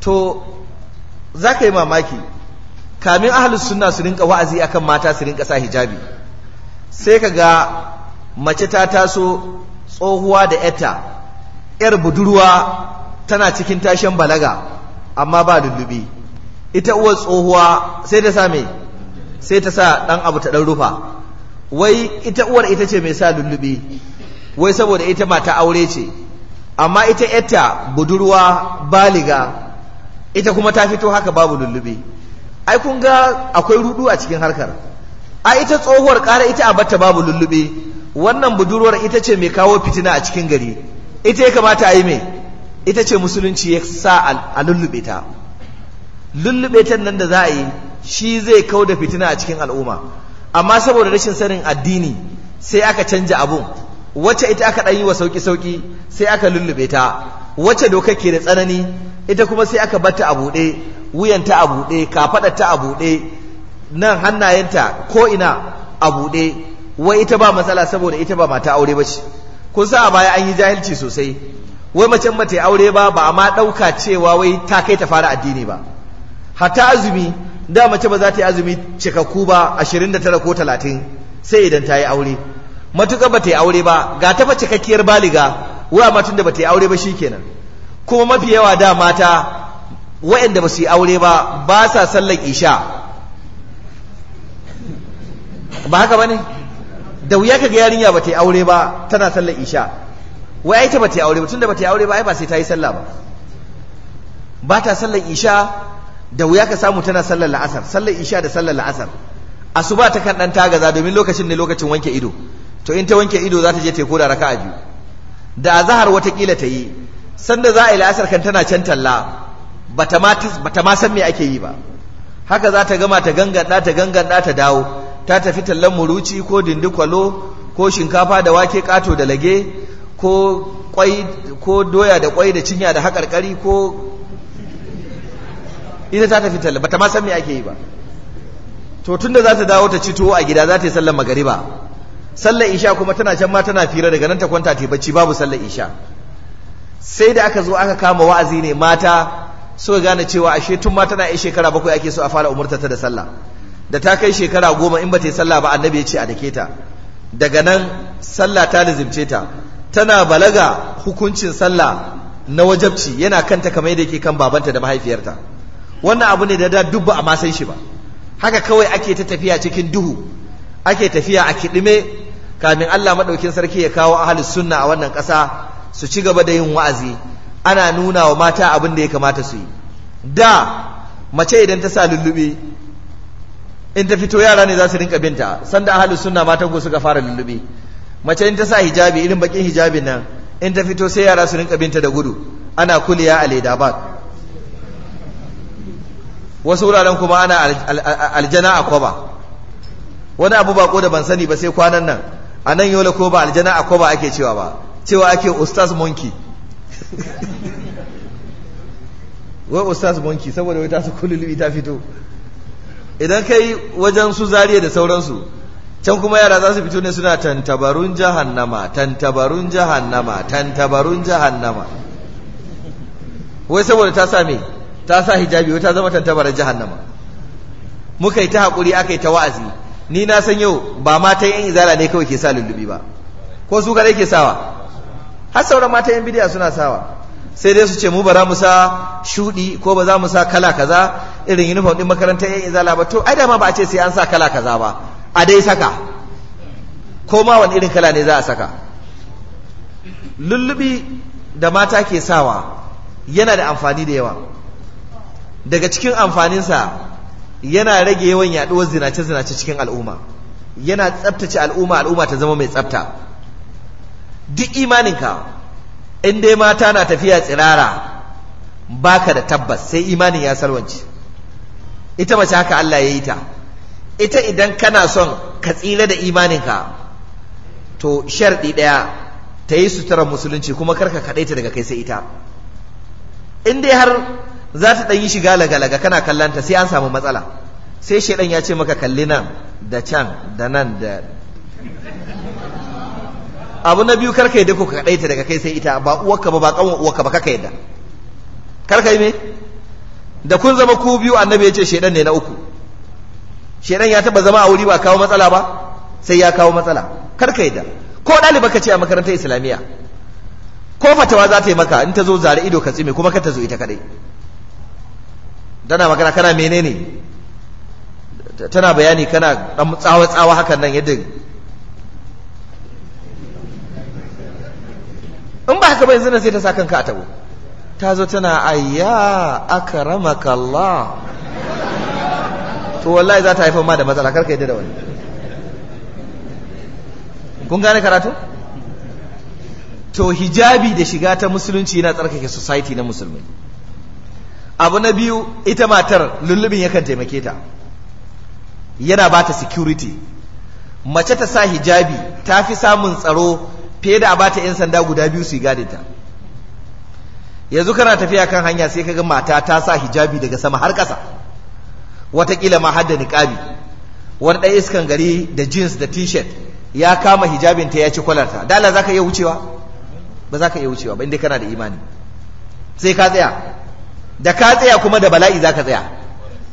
to za ka yi mamaki kamin ahalus sunna su rinka wa'azi akan mata su rinka sa hijabi sai ka ga mace ta taso tsohuwa da yarta yar budurwa tana cikin tashen balaga amma ba lullubi ita uwar tsohuwa sai ta sa me sai ta sa dan abu ta dan rufa wai ita uwar ita ce mai sa lullubi wai saboda ita mata aure ce amma ita yatta budurwa baliga ita kuma ta fito haka babu lullube ai kun ga akwai rudu a cikin harkar a ita tsohuwar ƙara ita a batta babu lullube wannan budurwar ita ce mai kawo fitina a cikin gari ita ya kamata a yi mai ita ce musulunci ya sa a lullube ta lullube ta nan da za a yi shi zai kau da fitina a cikin al'umma amma saboda rashin sanin addini sai aka canja abun wacce ita aka ɗan yi wa sauƙi-sauƙi sai aka lullube ta wacce doka ke da tsanani ita kuma sai aka bata a buɗe wuyanta a buɗe kafaɗarta a buɗe nan hannayenta ko ina a buɗe wai ita ba matsala saboda ita ba mata aure ba ce kun sa a baya an yi jahilci sosai wai macen mata aure ba ba a ma ɗauka cewa wai ta kai ta fara addini ba hatta azumi da mace ba za ta yi azumi cikakku ba ashirin da tara ko talatin sai idan ta yi aure matuƙa ba ta yi aure ba ga ta cikakkiyar kakkiyar baliga wa matun da ba ta yi aure ba shikenan kuma mafi yawa da mata waɗanda ba su yi aure ba ba sa sallar isha ba haka ba ne da wuya ka ga yarinya ba ta yi aure ba tana sallar isha wai ai ta ba ta yi aure ba da ba ta yi aure ba ai ba sai ta yi sallah ba ba ta sallar isha da wuya ka samu tana sallar la'asar sallar isha da sallar la'asar asuba ta kan dan tagaza domin lokacin ne lokacin wanke ido to in ta wanke ido za ta je ta da koda raka'a biyu da azhar watakila ta yi sanda za a yi la'asar kan tana can talla bata ma ma san me ake yi ba haka za ta gama ta gangada ta gangada ta dawo ta tafi tallan muruci ko dindikwalo ko shinkafa da wake kato da lage ko kwai ko doya da kwai da cinya da hakarkari ko ita ta tafi talla bata ma san me ake yi ba to tunda za ta dawo ta ci tuwo a gida za ta yi sallar magariba sallar isha kuma tana can ma tana fira daga nan ta kwanta ta bacci babu sallar isha sai da aka zo aka kama wa'azi ne mata suka gane cewa ashe tun ma tana yi shekara bakwai ake so a fara ta da sallah da ta kai shekara goma in ba ta yi sallah ba annabi ya ce a dake ta daga nan sallah ta lazimce ta tana balaga hukuncin sallah na wajabci yana kanta kamar yadda yake kan babanta da mahaifiyarta wannan abu ne da da dubba a ma san shi ba haka kawai ake ta tafiya cikin duhu ake tafiya a kiɗime kamin Allah madaukin sarki ya kawo ahli sunna a wannan ƙasa su ci gaba da yin wa'azi ana nuna wa mata abin da ya kamata su yi da mace idan ta sa lullube in ta fito yara ne za su rinka binta sanda ahli sunna matan suka fara lullube mace in ta sa hijabi irin bakin hijabin nan in ta fito sai yara su rinka binta da gudu ana kuliya a ba wasu wuraren kuma ana aljana a kwaba wani abu bako da ban sani ba sai kwanan nan a nan yola ko ba aljana a ko ba ake cewa ba cewa ake ustaz monki wai ustaz monki saboda wai ta su kululu ta fito idan kai wajen su zariya da sauransu can kuma yara za su fito ne suna tantabarun jahannama tantabarun jahannama tantabarun jahannama wai saboda ta sa me ta sa hijabi wai ta zama tantabarar jahannama muka yi ta haƙuri aka yi ta wa'azi ni na san yau ba matan yan izala ne kawai ke sa lullubi ba ko su kadai ke sawa har sauran matan yan bidiya suna sawa sai dai su ce mu ba za mu sa shudi ko ba za mu sa kala kaza irin uniform din makarantar yan izala ba to ai da ma ba a ce sai an sa kala kaza ba a dai saka ko ma wani irin kala ne za a saka lullubi da mata ke sawa yana da amfani da yawa daga cikin amfaninsa yana rage yawan yaduwar zinace zinace cikin al'umma yana tsaftace al'umma al'umma ta zama mai tsabta duk imaninka in dai mata na tafiya tsirara baka da tabbas sai imanin ya salwance ita mace haka Allah ya yi ta ita idan kana son ka tsira da imaninka to sharɗi ɗaya ta yi suturar musulunci kuma karka kaɗaita daga kai sai ita in dai har za ta ɗan yi shiga lagalaga kana kallanta sai an samu matsala sai shaidan ya ce maka kalli nan da can da nan da abu na biyu karka yadda ko ka ɗaita daga kai sai ita ba uwarka ba ba ƙanwa uwarka ba kaka yadda karka yi me da kun zama ku biyu annabi ya ce shaidan ne na uku shaidan ya taba zama a wuri ba kawo matsala ba sai ya kawo matsala karka yadda ko ɗaliba ka ce a makarantar islamiyya ko fatawa za ta yi maka in ta zo zare ido ka tsime kuma ka ta zo ita kaɗai tana magana kana menene tana bayani kana dan tsawa-tsawa hakan nan yadda in ba haka ba yanzu sai ta sa kanka a tabo ta zo tana ayya akramaka Allah to wallahi za ta haifar ma da matsala karka yadda da wani kun gane karatu to hijabi da shiga ta musulunci yana tsarkake society na musulmai abu na biyu ita matar lullubin yakan taimake ta yana ba ta security mace ta sa hijabi ta fi samun tsaro fiye da a ba ta 'yan sanda guda biyu su yi gade ta yanzu kana tafiya kan hanya sai ga mata ta sa hijabi daga sama har ƙasa watakila ma hadda niƙabi wani ɗan iskan gari da jeans da t-shirt ya kama hijabin ta ya ci kwalarta dala za ka iya wucewa ba za ka iya wucewa ba inda kana da imani sai ka tsaya da ka tsaya kuma da bala'i za ka tsaya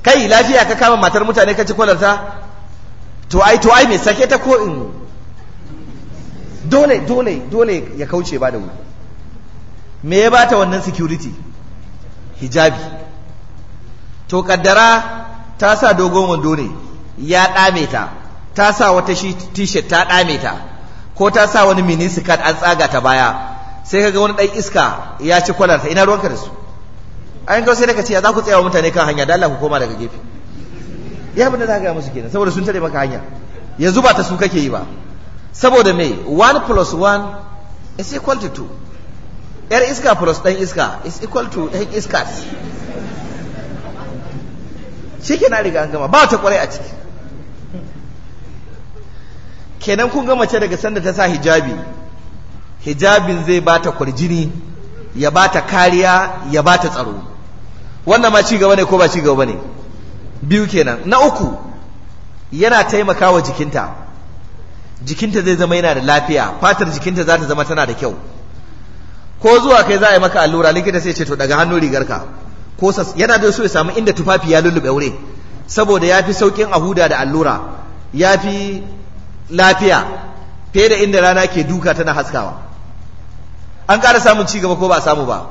kai lafiya ka kama matar mutane ka ci kwalarta to ai to ai me sake ta ko in dole dole dole ya kauce ba da wuri me ya bata wannan security hijabi to kaddara ta sa dogon wando ne ya dame ta ta sa wata t-shirt ta dame ta ko ta sa wani mini skirt an tsaga ta baya sai kaga wani dan iska ya ci kwalarta ina ruwanka da su ayin kawai sai daga ce za ku tsaya wa mutane kan hanya da Allah ku koma daga gefe ya abin da za ka musu kenan saboda sun tare maka hanya yanzu ba ta su kake yi ba saboda me 1 plus 1 is equal to 2 yar iska plus ɗan iska is equal to ɗan iska shi ke na riga an gama ba ta kwarai a ciki kenan kun gama ce daga sanda ta sa hijabi hijabin zai ba ta kwarjini ya ba ta kariya ya ba ta tsaro wannan ma ci gaba ne ko ba ci gaba ne biyu kenan na uku yana taimakawa jikinta jikinta zai zama yana da lafiya fatar jikinta za ta zama tana da kyau ko zuwa kai za a yi maka allura likita sai ce to daga hannun rigarka ko yana da so ya samu inda tufafi ya lullube aure. saboda ya fi sauƙin a huda da allura ya fi lafiya fiye da inda rana ke duka tana haskawa an ƙara samun ci gaba ko ba a samu ba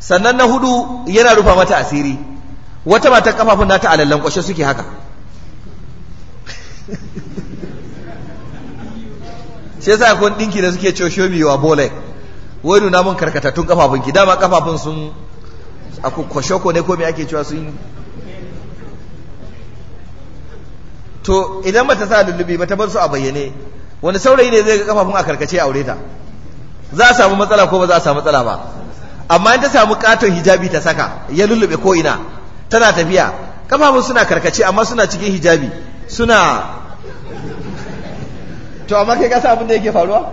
sannan na hudu yana rufa mata asiri wata mata kafafun nata a lallankwashe kwashe suke haka sai sa kun dinki da suke cewa shobi wa bole wai nuna mun karkatattun kafafun ki dama kafafun sun a kwashe ko ne ko me ake cewa sun to idan mata sa lullubi ba ta bar su a bayyane wani saurayi ne zai ga kafafun a karkace aure ta za a samu matsala ko ba za a samu matsala ba amma in ta samu katon hijabi ta saka ya lullube ko ina tana tafiya kafafun suna karkace amma suna cikin hijabi suna to amma kai ka sa abin da yake faruwa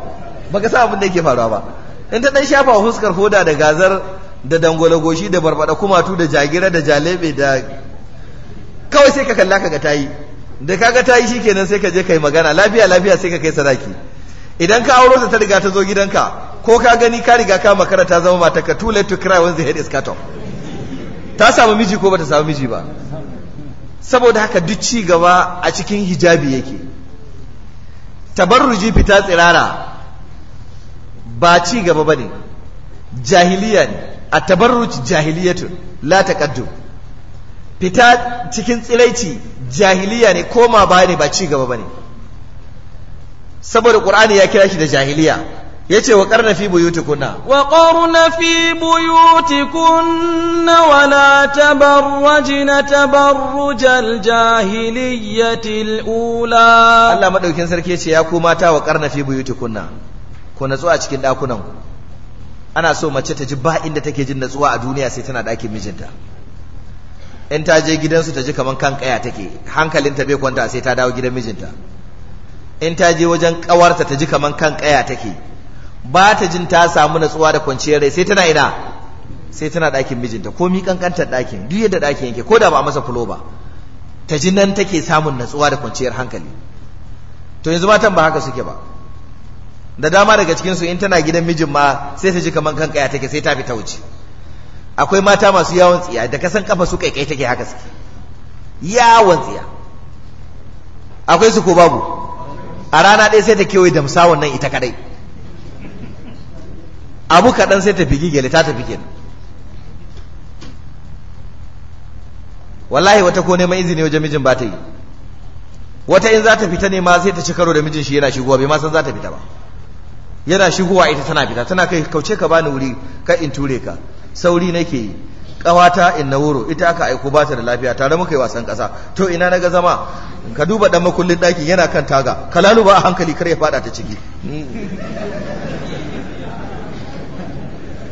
baka sa abin da yake faruwa ba in ta dan shafa fuskar hoda da gazar da dangwale goshi da barbada kumatu da jagira da jalebe da kawai sai ka kalla ka ga tayi da ka ga tayi shikenan sai ka je kai magana lafiya lafiya sai ka kai sadaki idan ka auro ta riga ta zo gidanka ko ka gani ka riga ka makara ta zama mata ka too late to cry when the head is cut off ta samu miji ko bata samu miji ba saboda haka duk ci gaba a cikin hijabi yake tabarruji fita tsirara ba ci gaba bane jahiliya ne a tabarruj jahiliyatu la taqaddum fita cikin tsiraici jahiliya ne koma ba ne ba ci gaba bane saboda qur'ani ya kira shi da jahiliya yace wa qarna fi buyutikunna wa qarna fi buyutikunna wa la tabarrajna tabarrujal jahiliyyatil ula Allah madaukin sarki yace ya kuma ta wa qarna fi buyutikunna ku natsu a cikin dakunan ku ana so mace ta ji ba inda take jin natsuwa a duniya sai tana dakin mijinta in ta je gidansu ta ji kaman kan kaya take hankalinta bai kwanta sai ta dawo gidan mijinta in ta je wajen kawarta ta ji kaman kan kaya take ba ta jin ta samu natsuwa da kwanciyar rai sai tana ina sai tana ɗakin mijinta ko mi kankantar ɗakin duk yadda ɗakin yake ko da ba a masa fulo ba ta ji nan take samun natsuwa da kwanciyar hankali to yanzu matan ba haka suke ba da dama daga cikin su in tana gidan mijin ma sai ta ji kaman kan take sai ta fita wuce akwai mata masu yawon tsiya da kasan kafa su kai take haka suke yawon tsiya akwai su ko babu a rana ɗaya sai ta kewaye damsa nan ita kadai abu kaɗan sai tafi gigele ta tafi kenan wallahi wata ko neman izini wajen mijin ba ta yi wata in za ta fita ne ma sai ta ci karo da mijin shi yana shigowa bai ma san za ta fita ba yana shigowa ita tana fita tana kai kauce ka bani wuri ka in ture ka sauri nake yi kawata in na wuro ita aka aiko ba ta da lafiya tare muka yi wasan kasa to ina na ga zama ka duba dan makullin daki yana kan taga ka ba a hankali kar ya fada ta ciki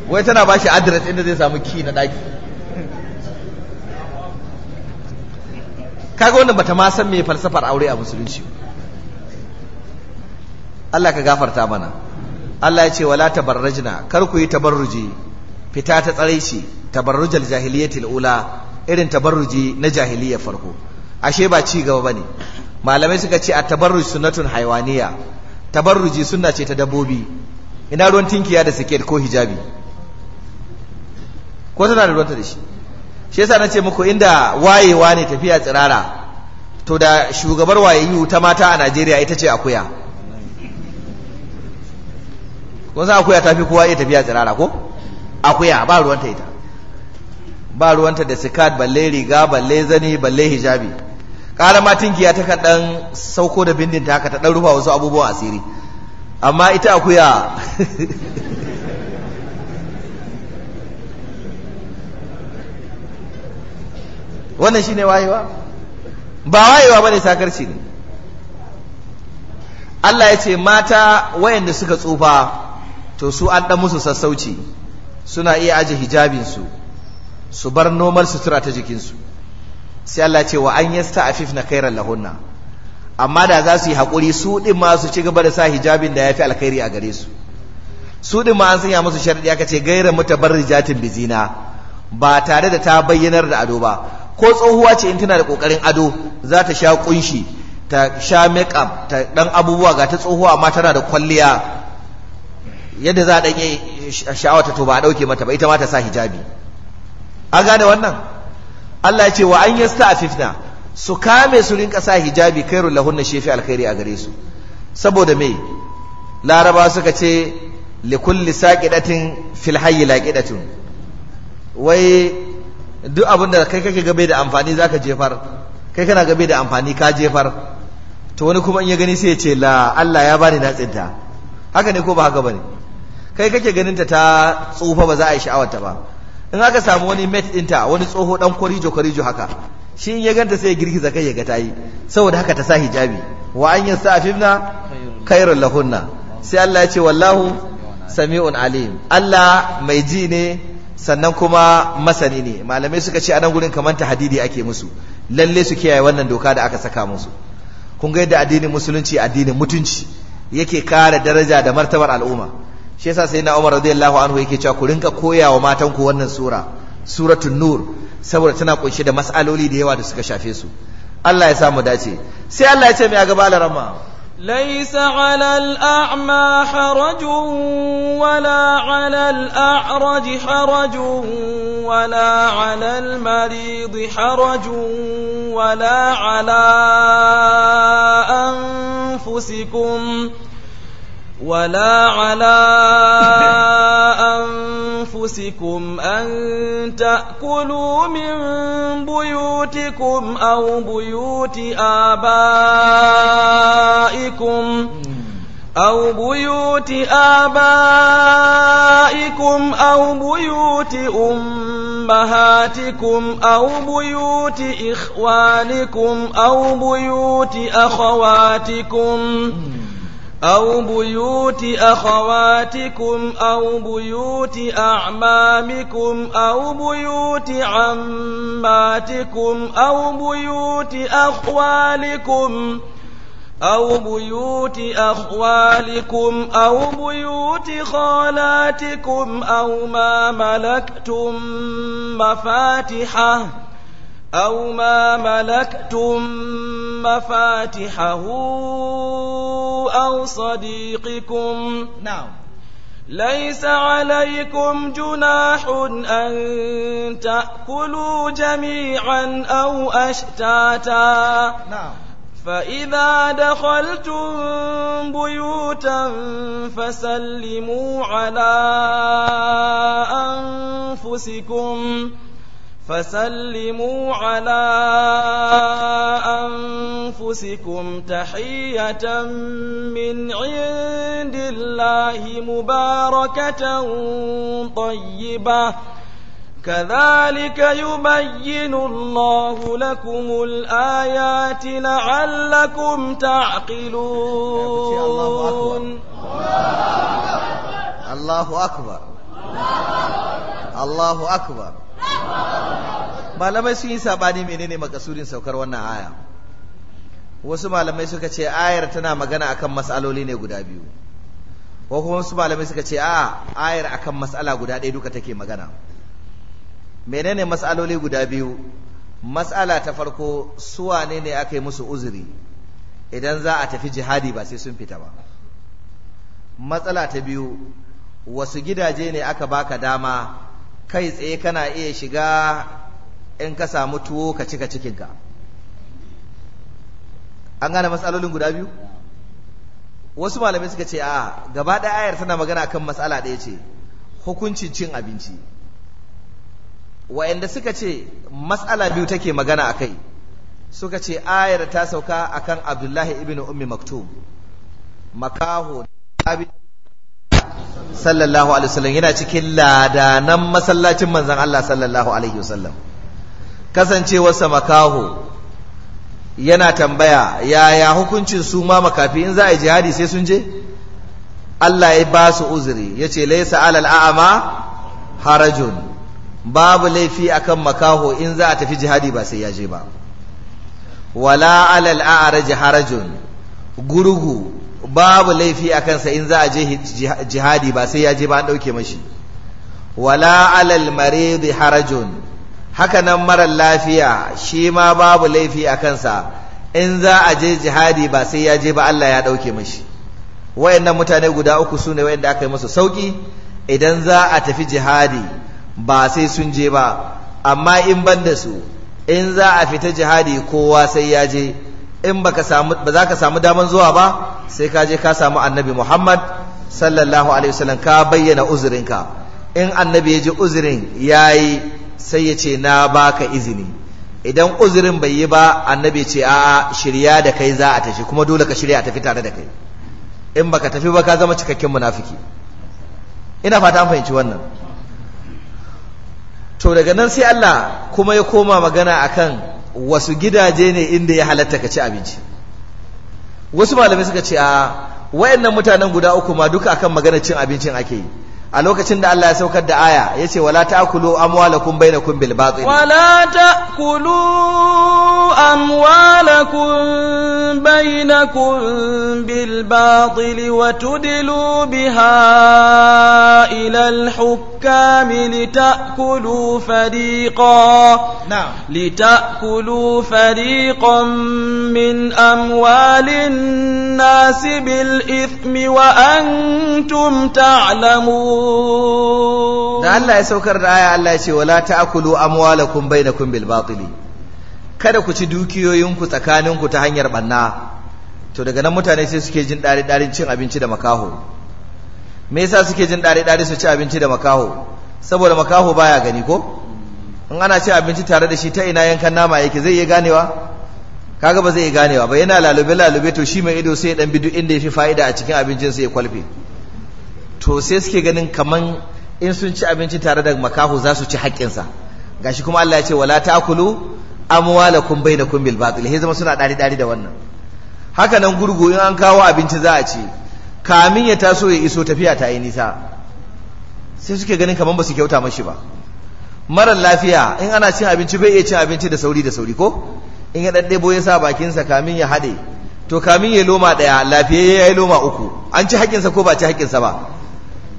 wai tana ba shi adres inda zai samu ki na ɗaki kaga wannan bata ma san me falsafar aure a musulunci Allah ka gafarta mana Allah ya ce wala tabarrajna kar ku yi tabarruji fita ta shi, tabarrujal jahiliyatil ula irin tabarruji na jahiliyyar farko ashe ba ci gaba bane malamai suka ce a tabarruj sunnatun haywaniya tabarruji sunna ce ta dabbobi ina ruwan tinkiya da siket ko hijabi ko tana da ruwanta da shi shi yasa na ce muku inda wayewa ne tafiya tsirara to da shugabar wayayyu ta mata a Najeriya ita ce akuya ko san akuya ta fi kowa iya tafiya tsirara ko akuya ba ruwanta ita ba ruwanta da sikad, balle riga balle zani balle hijabi ƙara ma tinkiya ta kadan sauko da bindin ta haka ta ɗan rufa wasu abubuwan asiri amma ita akuya wannan shine wayewa ba wayewa bane sakarci ne Allah ya ce mata wayanda suka tsufa to su an dan musu sassauci suna iya aje hijabinsu su bar normal sutura ta jikinsu sai Allah ce wa an yasta afif na kairar lahunna amma da za su yi haƙuri su ɗin ma su ci gaba da sa hijabin da ya fi alkhairi a gare su su ɗin ma an sanya musu sharadi aka ce gairar mutabarrijatin bizina ba tare da ta bayyanar da ado ba ko tsohuwa ce in tana da kokarin ado za ta sha kunshi ta sha makeup ta dan abubuwa ga ta tsohuwa amma tana da kwalliya yadda za a dan yi sha'awa ta to ba a dauke mata ba ita ma ta sa hijabi a gane wannan Allah ya ce wa an fifna su kame su rinka sa hijabi kai khairul lahunna shefi alkhairi a gare su saboda me laraba suka ce likulli saqidatin fil hayyi laqidatun wai duk abin da kai kake gabe da amfani zaka jefar kai kana gabe da amfani ka jefar to wani kuma in ya gani sai ya ce la Allah ya bani na tsinta haka ne ko ba haka bane kai kake ganin ta ta tsufa ba za a yi sha'awarta ba in aka samu wani mate dinta wani tsoho dan kwari jo haka shi in ya ganta sai ya girgiza kai ya ga tayi saboda haka ta sa hijabi wa an afibna khairul lahunna sai Allah ya ce wallahu sami'un alim Allah mai ji ne sannan kuma masani ne malamai suka ce a nan gurin kamar hadidi ake musu lalle su kiyaye wannan doka da aka saka musu kun ga yadda addinin musulunci addinin mutunci yake kare daraja da martabar al'umma shi yasa sayyidina Umar radiyallahu anhu yake cewa ku rinka koyawa matan ku wannan sura suratul nur saboda tana kunshe da mas'aloli da yawa da suka shafe su Allah ya samu dace sai Allah ya ce mai a gaba alarama ليس على الأعمى حرج ولا على الأعرج حرج ولا على المريض حرج ولا على أنفسكم ولا على أنفسكم أن تأكلوا من بيوتكم أو بيوت آبائكم أو بيوت آبائكم أو بيوت أمهاتكم أو بيوت إخوانكم أو بيوت أخواتكم أو بيوت أخواتكم أو بيوت أعمامكم أو بيوت عماتكم أو بيوت أخوالكم أو بيوت أخوالكم أو بيوت خالاتكم أو ما ملكتم مفاتحه أو ما ملكتم مفاتحه أو صديقكم نعم ليس عليكم جناح أن تأكلوا جميعا أو أشتاتا نعم فإذا دخلتم بيوتا فسلموا على أنفسكم فسلموا على أنفسكم تحية من عند الله مباركة طيبة كذلك يبين الله لكم الآيات لعلكم تعقلون الله أكبر الله أكبر الله أكبر malamai sun yi sabani menene makasurin saukar wannan aya wasu malamai suka ce ayar tana magana akan masaloli ne guda biyu ko kuma wasu malamai suka ce a ayar akan mas'ala guda ɗaya duka take magana menene mas'aloli guda biyu mas'ala ta farko su ne ne aka yi musu uzuri idan za a tafi jihadi ba sai sun fita ba matsala ta biyu wasu gidaje ne aka baka dama kai tsaye kana iya shiga in ka samu tuwo ka cika cikinka an gane matsalolin guda biyu wasu malamai suka ce a gaba ɗaya ayar tana magana kan matsala ɗaya ce hukuncin cin abinci wa'anda suka ce matsala biyu take magana a kai suka ce ayar ta sauka akan abdullahi ibn ummi maktub makaho sallallahu alaihi wasallam yana cikin ladanan masallacin manzon Allah sallallahu alaihi wasallam kasancewarsa makaho yana tambaya yaya hukuncin su ma makafi in za a yi jihadi sai sun je Allah ya ba su uzuri ya ce laisa alal a'ama harajun babu laifi akan makaho in za a tafi jihadi ba sai ya je ba wala alal a'raj harajun gurugu babu laifi a sa in za a je jihadi ba sai ya je ba an dauke mashi wala alal marid harajun haka nan marar lafiya shi ma babu laifi a kansa in za a je jihadi ba sai ya je ba Allah ya ɗauke mashi wayannan mutane guda uku su ne wayanda aka yi musu sauƙi idan za a tafi jihadi ba sai sun je ba amma in ban da su in za a fita jihadi kowa sai ya je in baka samu ba za ka samu daman zuwa ba sai ka je ka samu annabi Muhammad sallallahu alaihi wasallam ka bayyana uzurinka in annabi ya ji uzurin yayi sai ya ce na baka izini idan uzurin bai yi ba annabi ce a'a shirya da kai za a tafi kuma dole ka shirya a tafi tare da kai in baka tafi ba ka zama cikakken munafiki ina fata an fahimci wannan to daga nan sai Allah kuma ya koma magana akan wasu gidaje ne inda ya halatta ka ci abinci wasu malamai suka ce a wayannan mutanen guda uku ma duka akan maganar cin abincin ake yi a lokacin da Allah ya saukar da aya ya ce wala ta'kulu amwalakum bainakum bil batil wala ta'kulu amwalakum bainakum bil batil wa tudlu biha ila al hukam litakulu fariqan na'am litakulu fariqan min amwalin nas bil ithmi wa antum ta'lamun da Allah ya saukar da aya Allah ya ce wala ta'kulu amwalakum bainakum bil batili kada ku ci dukiyoyin dukiyoyinku tsakaninku ta hanyar banna to daga nan mutane sai suke jin dare dare cin abinci da makaho me yasa suke jin dare dare su ci abinci da makaho saboda makaho baya gani ko in ana ci abinci tare da shi ta ina yankan nama yake zai iya ganewa kaga ba zai iya ganewa ba yana lalube lalube to shi mai ido sai ya dan bi duk inda ya fi fa'ida a cikin abincin sai ya kwalfe to sai suke ganin kaman in sun ci abinci tare da makahu za su ci haƙƙinsa gashi kuma Allah ya ce wala ta'kulu amwalakum bainakum bil batil he zama suna dari dari da wannan haka nan gurgu in an kawo abinci za a ci kamin ya taso ya iso tafiya ta yi nisa sai suke ganin kaman ba su kyauta mashi ba Mara lafiya in ana cin abinci bai iya cin abinci da sauri da sauri ko in ya ɗaɗɗebo ya sa bakinsa kamin ya haɗe to kamin ya loma ɗaya lafiya ya yi loma uku an ci haƙƙinsa ko ba ci haƙƙinsa ba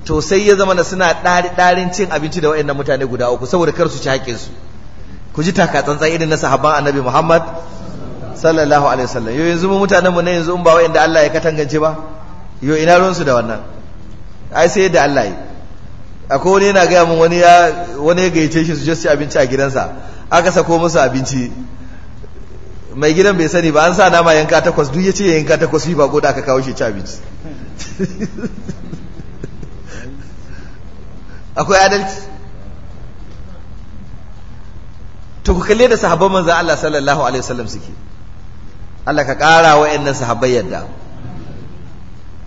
to sai ya zama na suna ɗarin cin abinci da waɗannan mutane guda uku saboda kar su ci haƙƙin su ku ji taka tsantsan irin na sahabban annabi Muhammad sallallahu alaihi wasallam yau yanzu mu mutanen mu ne yanzu in ba waɗanda Allah ya katangance ba yo ina ruwan su da wannan ai sai da Allah yi akwai wani yana gaya min wani ya wani ya gayyace shi su je su ci abinci a gidansa aka sako musu abinci mai gidan bai sani ba an sa nama yanka takwas duk ya ce yanka takwas yi ba goda aka kawo shi ci abinci akwai adalci to ku kalle da sahabban manzon Allah sallallahu alaihi wasallam suke Allah ka ƙara wa'annan sahabbai yadda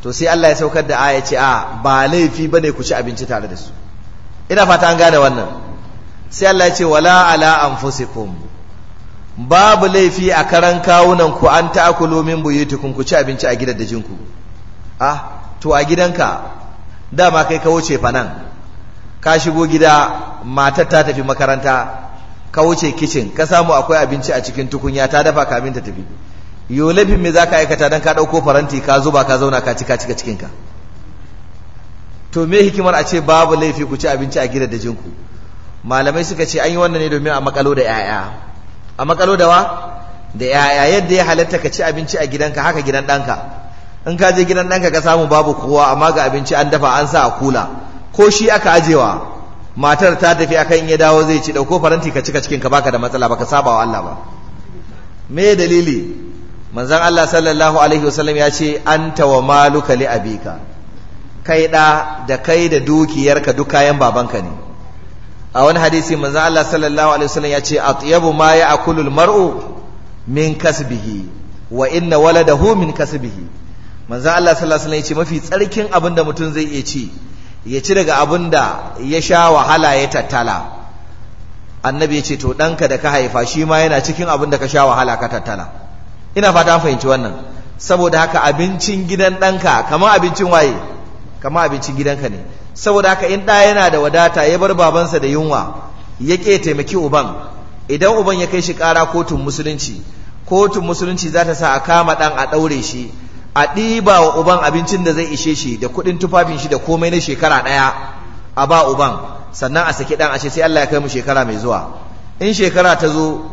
to sai Allah ya saukar da aya ce a ba laifi bane ku ci abinci tare da su ina fata an gane wannan sai Allah ya ce wala ala anfusikum babu laifi a karan kawunan ku an ta'kulu min buyutikum ku ci abinci a gidajen ku ah to a gidanka dama kai ka wuce fa nan ka shigo gida matar ta tafi makaranta ka wuce kicin ka samu akwai abinci a cikin tukunya ta dafa kamin ta tafi yolafin me za ka aikata don ka ɗauko faranti ka zuba ka zauna ka cika cika cikinka to me hikimar a ce babu laifi ku ci abinci a gidan da jinku malamai suka ce an yi wannan ne domin a makalo da 'ya'ya a makalo da wa da 'ya'ya yadda ya halatta ka ci abinci a gidanka haka gidan ɗanka in ka je gidan ɗanka ka samu babu kowa amma ga abinci an dafa an sa a kula ko shi aka ajewa matar ta tafi akan ya dawo zai ci dauko faranti ka cika cikin ka baka da matsala baka saba wa Allah ba me dalili manzon Allah sallallahu alaihi wasallam ya ce anta wa maluka li abika kai da da kai da dukiyarka duk kayan babanka ne a wani hadisi manzon Allah sallallahu alaihi wasallam ya ce atyabu ma ya'kulul maru min kasbihi wa inna waladahu min kasbihi manzon Allah sallallahu alaihi wasallam ya ce mafi tsarkin abin da mutum zai iya ci ya ci daga abin da ya sha wahala ya tattala annabi ya ce to ɗanka da ka haifa shi ma yana cikin abin da ka sha wahala ka tattala ina fata fahimci wannan saboda haka abincin gidan ɗanka kamar abincin waye kamar abincin gidanka ne saboda haka in ɗa yana da wadata ya bar babansa da yunwa ya ƙe taimaki uban idan uban ya kai shi ƙara kotun musulunci kotun musulunci za ta sa a kama ɗan a ɗaure shi a ɗiba wa uban abincin da zai ishe shi da kuɗin tufafin shi da komai na shekara ɗaya a ba uban sannan a saki ɗan ashe sai Allah ya kai mu shekara mai zuwa in shekara ta zo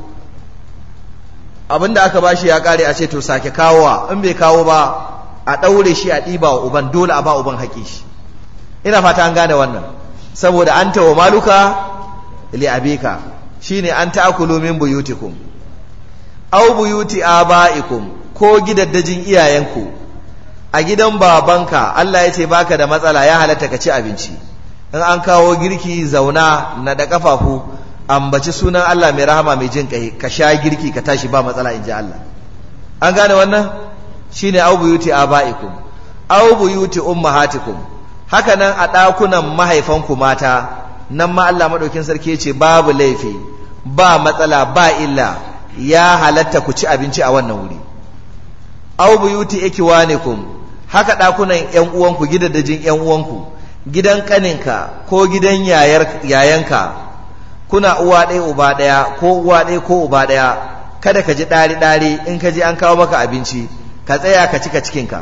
abin da aka shi ya ƙare a ce to sake kawowa in bai kawo ba a ɗaure shi a ɗiba wa uban dole a ba uban haƙi shi ina fata an gane wannan saboda an wa maluka li abika shine an ta'kulu min buyutikum aw buyuti abaikum ko gidaddajin iyayenku a gidan babanka Allah ya ce baka da matsala ya halatta ka ci abinci in an kawo girki zauna na da kafafu ambaci sunan Allah mai rahama mai jin kai ka sha girki ka tashi ba matsala in ji Allah an gane wannan shine au buyuti abaikum au buyuti ummahatikum haka nan a ɗakunan mahaifanku mata nan ma Allah maɗaukin sarki ya ce babu laifi ba matsala ba illa ya halatta ku ci abinci a wannan wuri aw buyuti ikwanikum haka dakunan yan uwanku gidaddajin yan uwanku gidan kaninka ko gidan yayanka kuna uwa ɗaya uba ɗaya ko uwa ɗaya ko uba ɗaya kada ka ji ɗari ɗari in ka ji an kawo maka abinci ka tsaya ka cika cikinka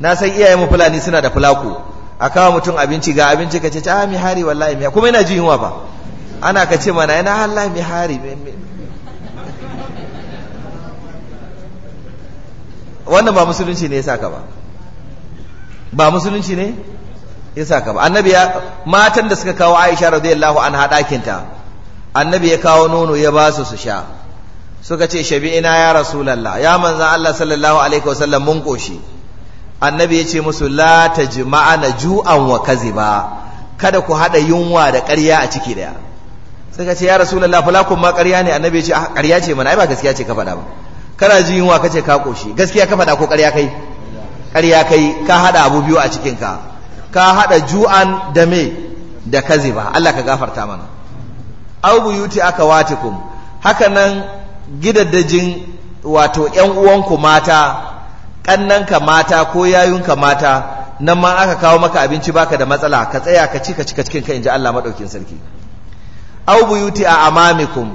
na san iyaye mu fulani suna da fulako a kawo mutum abinci ga abinci ka ce ta ah, mi hari wallahi mi kuma ina ji yunwa fa ana ka ce mana yana wallahi mi hari wannan ba musulunci ne ya saka ba ba musulunci ne ya saka ba annabi ya matan da suka kawo Aisha radiyallahu anha ɗakin ta annabi ya kawo nono ya ba su su sha suka ce shabi'ina ya rasulullah ya manzan Allah sallallahu alaihi wasallam mun koshi annabi ya ce musu la na ju'an wa kazi ba, kada ku haɗa yunwa da ƙarya a ciki ɗaya. suka ce ya rasulullah fulakun ma ƙarya ne annabi ya ce ah, ƙarya ce mana ai ba gaskiya ce ka faɗa ba kana ji yunwa kace ka koshi gaskiya ka faɗa ko ƙarya kai ƙarya kai ka haɗa abu biyu a cikin ka ka haɗa ju'an da me da kaziba Allah ka gafarta mana aw buyuti akawatikum haka nan gidaddajin wato ƴan uwanku mata ka mata ko yayunka mata nan ma aka kawo maka abinci baka da matsala ka tsaya ka ci ka cika cikin ka inji Allah madaukin sarki aw buyuti a amamikum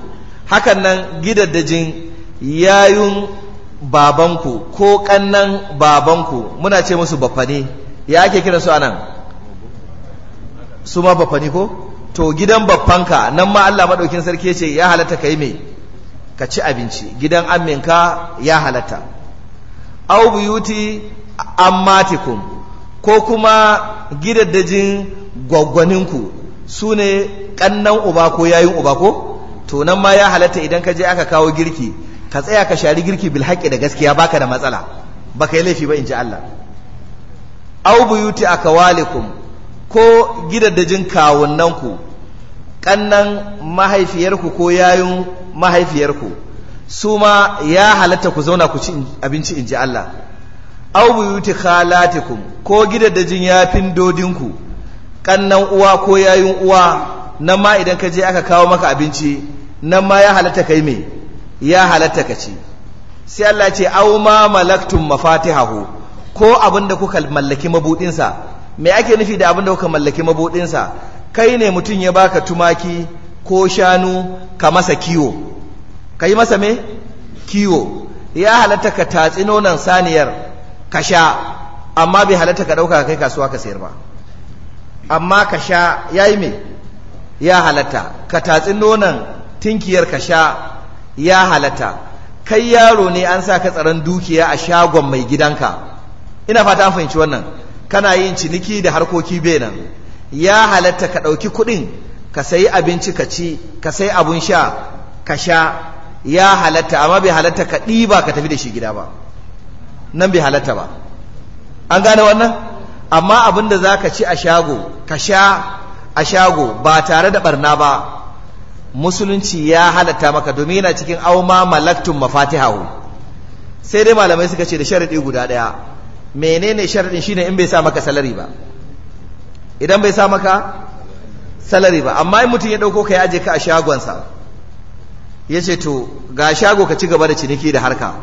hakan nan gidaddajin yayun babanku ko kannan babanku muna ce musu bafane ya ake kira su anan su ma bafane ko to gidan baffanka nan ma Allah madaukin sarki ce ya halatta kai me ka ci abinci gidan amminka ya halatta au buyuti ammatikum ko kuma gidaddajin gwaggwaninku su ne kannan uba ko yayin uba ko to nan ma ya halatta idan ka je aka kawo girki ka tsaya ka shari girki bil haƙƙi da gaskiya baka da matsala ka yi laifi ba in ji Allah aw buyuti akawalikum ko gidaddajin kawunnanku kannan mahaifiyarku ko yayun mahaifiyarku su ma ya halatta ku zauna ku ci abinci in ji Allah aw buyuti khalatikum ko gidaddajin yafin dodinku kannan uwa ko yayun uwa nan ma idan ka je aka kawo maka abinci nan ma ya halatta kai mai ya halatta ka ci sai Allah ce au ma malaktum mafatihahu ko abin da kuka mallaki mabudinsa me ake nufi da abin da kuka mallaki mabudinsa kai ne mutum ya baka tumaki ko shanu ka masa kiwo ka yi masa me kiwo ya halatta ka tatsi nonon saniyar ka sha amma bai halatta ka ɗauka kai kasuwa ka sayar ba amma ka sha ya yi me ya halatta ka tatsi nonon tinkiyar ka sha ya halatta kai yaro ne an sa ka tsaron dukiya a shagon mai gidanka ina fata an fahimci wannan kana yin ciniki da harkoki benan ya halatta ka ɗauki kuɗin ka sayi abinci ka ci ka sayi abun sha ka sha ya halatta amma bai halatta ka ɗiba ka tafi da shi gida ba nan bai halatta ba an gane wannan amma abin da za ka ci a shago ka sha a shago ba tare da barna ba musulunci ya halatta maka domin yana cikin auma malaktun mafatihahu sai dai malamai suka ce da sharadi guda daya menene sharadin shine in bai sa maka salari ba idan bai sa maka salari ba amma in mutum ya dauko ka ya aje ka a shagonsa ya ce to ga shago ka ci gaba da ciniki da harka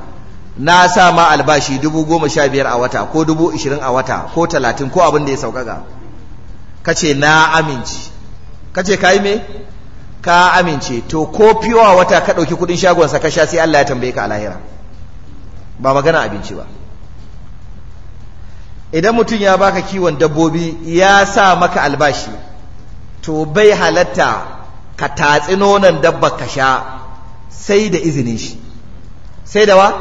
na sa ma albashi dubu goma sha biyar a wata ko dubu ishirin a wata ko talatin ko abin da ya sauƙaƙa ka ce na aminci ka ce ka yi me ka amince to ko fiwa wata ka ɗauki kuɗin shagonsa ka sha sai Allah ya tambaye ka a lahira ba magana abinci ba idan mutum ya baka kiwon dabbobi ya sa maka albashi to bai halatta ka tatsi nonon dabba ka sha sai da izinin shi sai da wa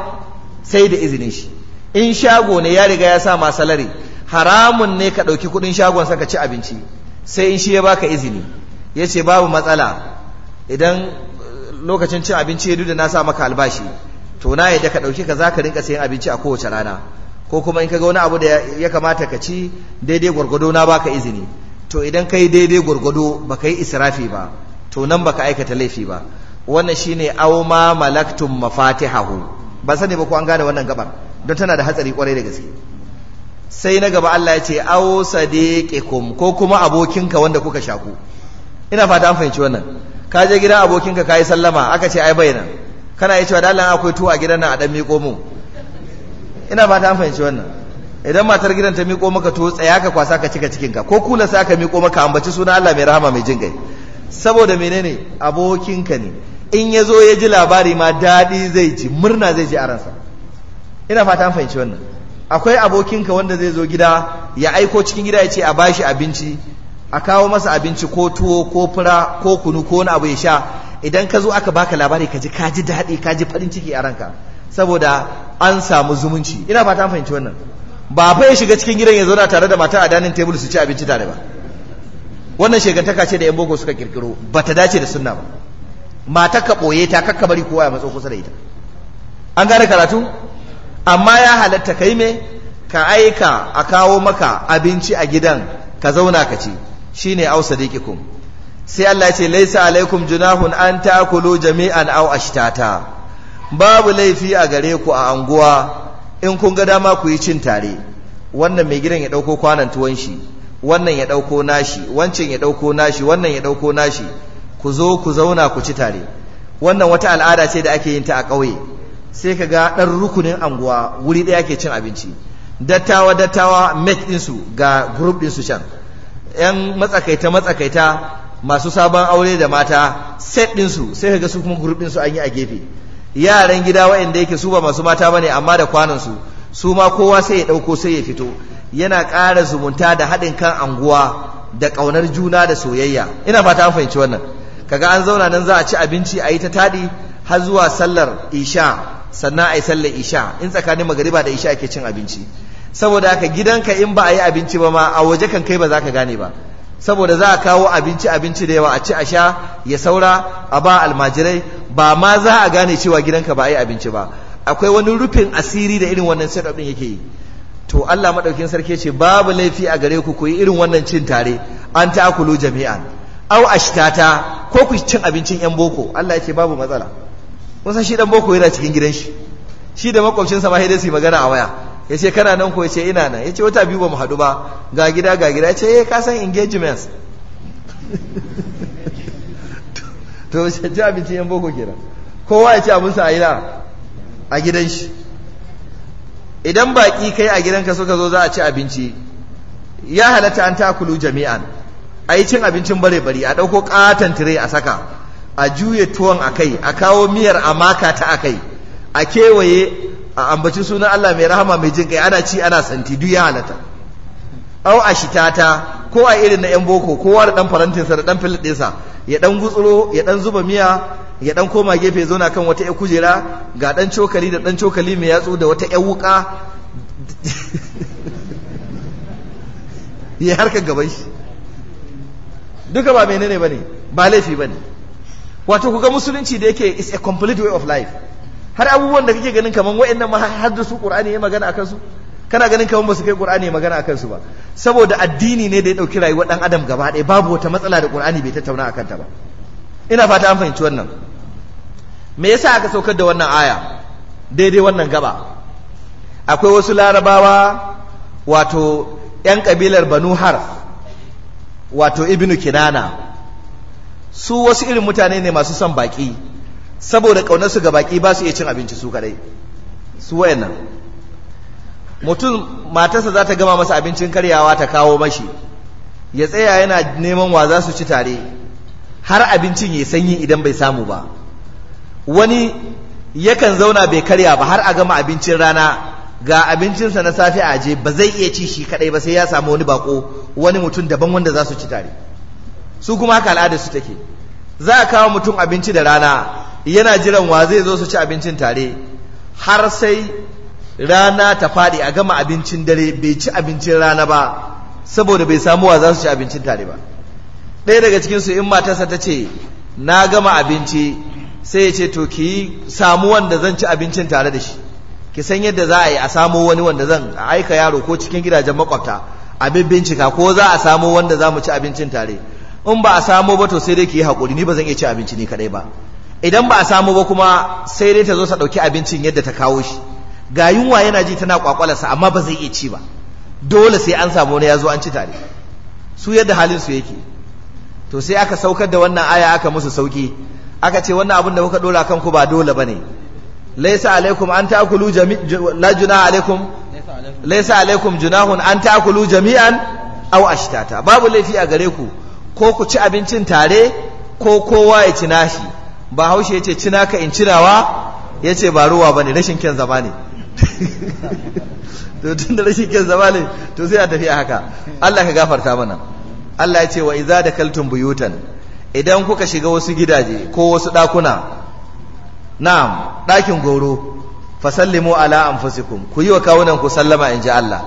sai da izinin shi in shago ne ya riga ya sa ma salari haramun ne ka ɗauki kuɗin shagonsa ka ci abinci sai in shi ya baka izini ya ce babu matsala idan lokacin cin abinci ya duk da na sa maka albashi to na yadda ka ɗauki ka za ka rinka sayan abinci a kowace rana ko kuma in ka ga wani abu da ya kamata ka ci daidai gwargwado na baka izini to idan ka yi daidai gwargwado ba ka yi israfi ba to nan ba ka aikata laifi ba wannan shi ne au ma malaktum mafatihahu ba sani ba ko an gane wannan gabar don tana da hatsari kwarai da gaske sai na gaba Allah ya ce au sadiqikum ko kuma abokinka wanda kuka shaku ina fata an fahimci wannan ka je gidan abokinka ka yi sallama aka ce ai bai nan kana yi cewa dalan akwai tuwo a gidan nan a dan miƙo mu ina fata an fahimci wannan idan matar gidan ta miƙo maka tuwo tsaya ka kwasa ka cika cikinka ko kula sai aka miƙo maka ambaci suna Allah mai rahama mai jin kai saboda menene abokinka ne in ya zo ya ji labari ma daɗi zai ji murna zai ji a ransa ina fata an fahimci wannan akwai abokinka wanda zai zo gida ya aiko cikin gida ya ce a bashi abinci a kawo masa abinci ko tuwo ko fura ko kunu ko wani abu ya sha idan ka zo aka baka labari ka ji ka ji daɗi ka ji farin ciki a ranka saboda an samu zumunci ina fata an fahimci wannan ba fa ya shiga cikin gidan ya zauna tare da mata a danin tebul su ci abinci tare ba wannan shegantaka ce da yan boko suka kirkiro ba ta dace da sunna ba mata ka ɓoye ta kakka bari kowa ya matso kusa da ita an gane karatu amma ya halatta kai me ka aika a kawo maka abinci a gidan ka zauna ka ci Shi ne Au sadiqikum sai Allah ce laisa alaikum junahun an ta'kulu jami'an Au ashtata babu laifi a gare ku a anguwa in kun ga dama ku yi cin tare wannan mai gidan ya dauko kwanan tuwon shi wannan ya dauko nashi wancan ya dauko nashi wannan ya dauko nashi ku zo ku zauna ku ci tare wannan wata al'ada ce da ake yin ta a ƙauye sai ka ga ɗan rukunin anguwa wuri ɗaya ke cin abinci dattawa dattawa mate ɗinsu ga group ɗinsu can 'yan matsakaita matsakaita masu sabon aure da mata set ɗinsu sai ka ga su kuma gurbinsu an yi a gefe yaran gida waɗanda yake su ba masu mata ba ne, amma da kwanansu su ma kowa sai ya ɗauko sai ya fito yana ƙara zumunta da haɗin kan anguwa da ƙaunar juna da soyayya ina fata an fahimci wannan kaga an zauna nan za a ci abinci a yi ta taɗi har zuwa sallar isha sannan a yi sallar isha in tsakanin magariba da isha ake cin abinci saboda haka gidanka in ba a yi abinci ba ma a waje kan kai ba za ka gane ba saboda za a kawo abinci abinci da yawa a ci a sha ya saura a ba almajirai ba ma za a gane cewa gidanka ba a yi abinci ba akwai wani rufin asiri da irin wannan setup din yake yi to Allah madaukin sarki ce babu laifi a gare ku ku yi irin wannan cin tare an ta'kulu jami'an aw ashtata ko ku cin abincin yan boko Allah yake babu matsala kun shi dan boko yana cikin gidan shi shi da makwabcinsa ma sai dai su magana a waya ya ce kana nan ko ya ce ina nan ya ce wata biyu ba mu haɗu ba ga gida ga gida ya ce ya eh, ka san engagements to ci abincin yan boko kenan kowa ya ci abinsa a ina a gidan shi idan baki kai a gidanka suka zo za a ci abinci ya halatta an takulu jami'an a yi cin abincin bare bari a ɗauko ƙaton tire a saka a juye tuwon a kai a kawo miyar a maka ta a kai a kewaye a ambacin sunan Allah mai rahama mai jin kai ana ci ana santi duk ya halata au a shitata ko a irin na yan boko kowa da dan farantinsa da dan filin ɗinsa ya dan gutsuro ya dan zuba miya ya dan koma gefe zauna kan wata ƴar kujera ga dan cokali da dan cokali mai yatsu da wata ƴar wuka ya harkar gaban shi duka ba menene bane ba laifi bane wato kuga musulunci da yake is a complete way of life har abubuwan da kake ganin kaman waɗannan ma haddasu qur'ani ya magana akan su kana ganin kaman su kai qur'ani ya magana akan su ba saboda addini ne da ya dauki rayuwa dan adam gaba ɗaya babu wata matsala da qur'ani bai tattauna akan ta ba ina fata an fahimci wannan me yasa aka saukar da wannan aya daidai wannan gaba akwai wasu larabawa wato 'yan kabilar banu Har, wato ibnu kinana su wasu irin mutane ne masu son baki saboda ƙaunar su ga baki ba su iya cin abinci su kadai su wayannan mutum matarsa za ta gama masa abincin karyawa ta kawo mashi ya tsaya yana neman wa za su ci tare har abincin ya sanyi idan bai samu ba wani yakan zauna bai karya ba har a gama abincin rana ga abincinsa na safe a je ba zai iya ci shi kadai ba sai ya samu wani bako wani mutum daban wanda za su ci tare su kuma haka al'adar su take za a kawo mutum abinci da rana yana jiran wa zai zo su ci abincin tare har sai rana ta faɗi a gama abincin dare bai ci abincin rana ba saboda bai samu wa za su ci abincin tare ba ɗaya daga cikinsu in matarsa ta ce na gama abinci sai ya ce to ki samu wanda zan ci abincin tare da shi ki san yadda za a yi a samu wani wanda zan a aika yaro ko cikin gidajen makwabta a bincika ko za a samu wanda za mu ci abincin tare in ba a samu ba to sai dai ki yi haƙuri ni ba zan iya ci abinci ni kaɗai ba idan ba a samu ba kuma sai dai ta zo ta ɗauki abincin yadda ta kawo shi ga yunwa yana ji tana kwakwalarsa amma ba zai iya ci ba dole sai an samu wani ya zo an ci tare su yadda halin su yake to sai aka saukar da wannan aya aka musu sauki aka ce wannan abin da kuka dora kanku ba dole bane laysa alaikum an ta'kulu la junaha alaikum laysa alaikum junahun an ta'kulu jami'an aw ashtata babu laifi a gare ku ko ku ci abincin tare ko kowa ya ci nashi ba haushe ya ce cina ka in cinawa ya ce ba ruwa ba ne rashin kyan zama ne to tun da rashin kyan zama ne to sai a tafi haka Allah ka gafarta mana Allah ya ce wa iza da kaltun buyutan idan kuka shiga wasu gidaje ko wasu ɗakuna na'am ɗakin goro fasallimo ala anfusikum ku yi wa kawunan ku sallama in ji Allah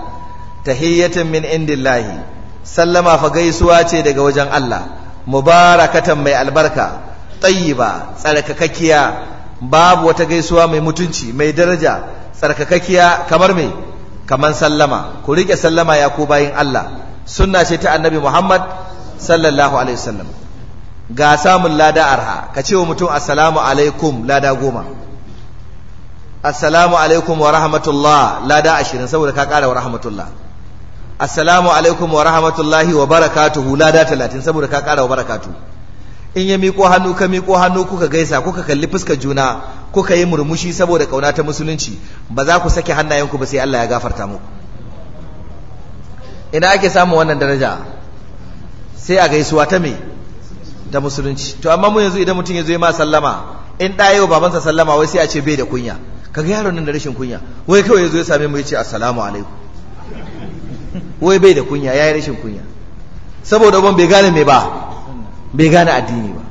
tahiyyatan min indillahi sallama fa gaisuwa ce daga wajen Allah mubarakatan mai albarka tayyiba tsarkakakkiya babu wata gaisuwa mai mutunci mai daraja tsarkakakkiya kamar mai kamar sallama ku rike sallama ya ku bayin Allah sunna ce ta annabi Muhammad sallallahu alaihi wasallam ga samun lada arha ka ce wa mutum assalamu alaikum lada goma assalamu alaikum wa rahmatullah lada ashirin saboda ka kara wa rahmatullah assalamu alaikum wa rahmatullahi wa barakatuhu lada talatin saboda ka kara wa barakatuhu in ya miko hannu ka miko hannu kuka gaisa kuka kalli fuskar juna kuka yi murmushi saboda kauna ta musulunci ba za ku sake hannayenku ba sai Allah ya gafarta muku ina ake samun wannan daraja sai a gaisuwa ta me da musulunci to amma mu yanzu idan mutum ya zo ma sallama in da yau babansa sallama wai sai a ce bai da kunya kaga yaron nan da rashin kunya wai kawai yazo ya same mu ce assalamu alaikum wai bai da kunya yayi rashin kunya saboda uban bai gane me ba bai gane addini ba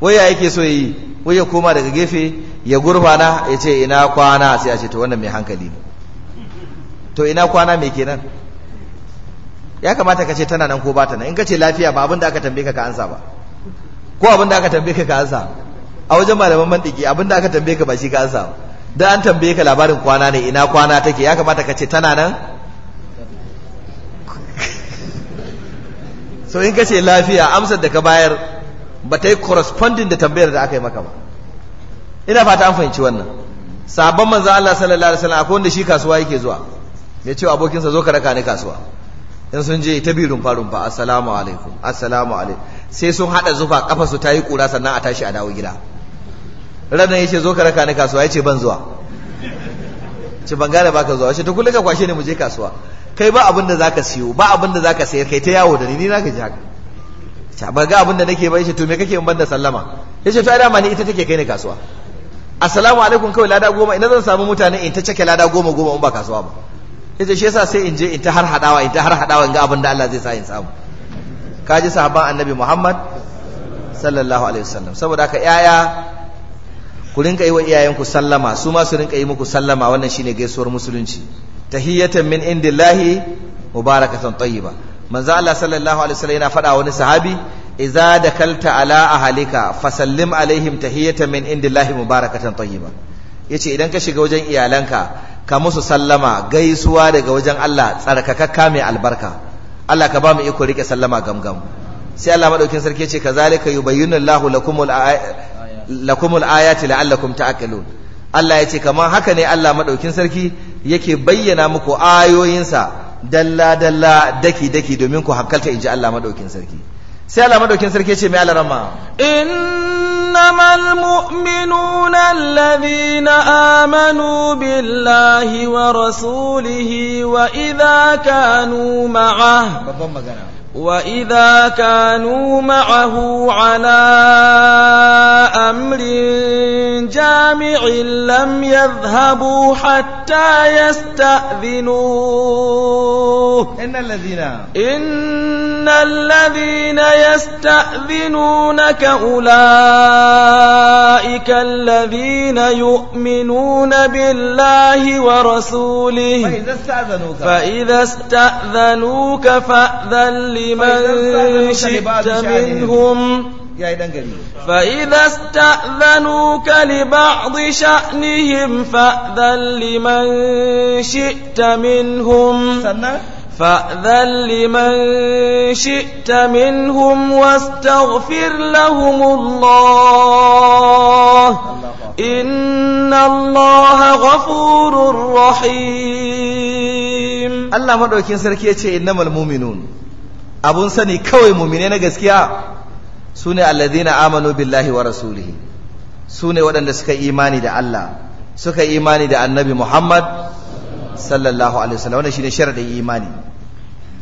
waya yake so yi waya koma daga gefe ya gurfana ya ce ina kwana sai a ce to wannan mai hankali ne to ina kwana mai kenan ya kamata ka ce tana nan ko ba ta nan in ka ce lafiya ba abin da aka tambaye ka ka ansa ba ko abin da aka tambaye ka ka ansa a wajen malaman mantiki abin da aka tambaye ka ba shi ka ansa ba dan an tambaye ka labarin kwana ne ina kwana take ya kamata ka ce tana nan so in ka ce lafiya amsar da ka bayar ba ta yi corresponding da tambayar da aka yi maka ba ina fata an fahimci wannan sabon manzo Allah sallallahu alaihi wasallam akwai wanda shi kasuwa yake zuwa ya ce abokinsa zo ka raka ni kasuwa in sun je ta birun rumfa rumfa assalamu alaikum assalamu alaikum sai sun hada zufa kafa su tayi kura sannan a tashi a dawo gida ranar yace zo ka raka ni kasuwa yace ban zuwa ce ban gane baka zuwa yace to kullaka ka kwashe ni mu je kasuwa kai ba abin da zaka siyo ba abin da zaka sayar kai ta yawo da ni ni zaka ji haka ta ba ga abin da nake ba yace to me kake in banda sallama yace to dama ni ita take kai ni kasuwa assalamu alaikum kawai lada goma ina zan samu mutane in ta cake lada goma goma in ba kasuwa ba yace shi yasa sai in je in ta har hadawa in ta har hadawa in ga abin da Allah zai sa in samu kaji sahaban annabi Muhammad sallallahu alaihi wasallam saboda haka yaya ku rinka yi wa iyayenku sallama su ma su rinka yi muku sallama wannan shine gaisuwar musulunci Tahiyyatan min indillahi mubarakatan tayyiba manzo Allah sallallahu alaihi wasallam yana faɗa wani sahabi idza dakalta ala ahlika fasallim alaihim tahiyyatan min indillahi mubarakatan tayyiba yace idan ka shiga wajen iyalanka ka musu sallama gaisuwa daga wajen Allah tsarkakakka mai albarka Allah ka ba mu iko rike sallama gamgam sai Allah madaukin sarki yace kazalika yubayyinu Allahu lakumul lakumul ayati la'allakum ta'qilun Allah ya ce kamar haka ne Allah maɗaukin sarki yake bayyana muku ayoyinsa dalla dalla daki daki domin ku hakkalta in ji Allah maɗaukin sarki sai Allah maɗaukin sarki ya ce mai alarama إنما المؤمنون الذين آمنوا بالله ورسوله وإذا كانوا معه وإذا كانوا معه على أمر جامع لم يذهبوا حتى يستأذنوه إن الذين إن الذين يستأذنونك أولئك الذين يؤمنون بالله ورسوله فإذا استأذنوك فإذا استأذنوك فأذن لمن شئت منهم فإذا استأذنوك لبعض شأنهم فأذن لمن شئت منهم فأذن لمن شئت منهم واستغفر لهم الله إن الله غفور رحيم الله مدوكين سركي يتي إنما المؤمنون abun sani kawai mumine na gaskiya su ne alladhina amanu billahi wa rasulihi su ne waɗanda suka imani da Allah suka imani da annabi Muhammad sallallahu alaihi wasallam wannan shine sharadin imani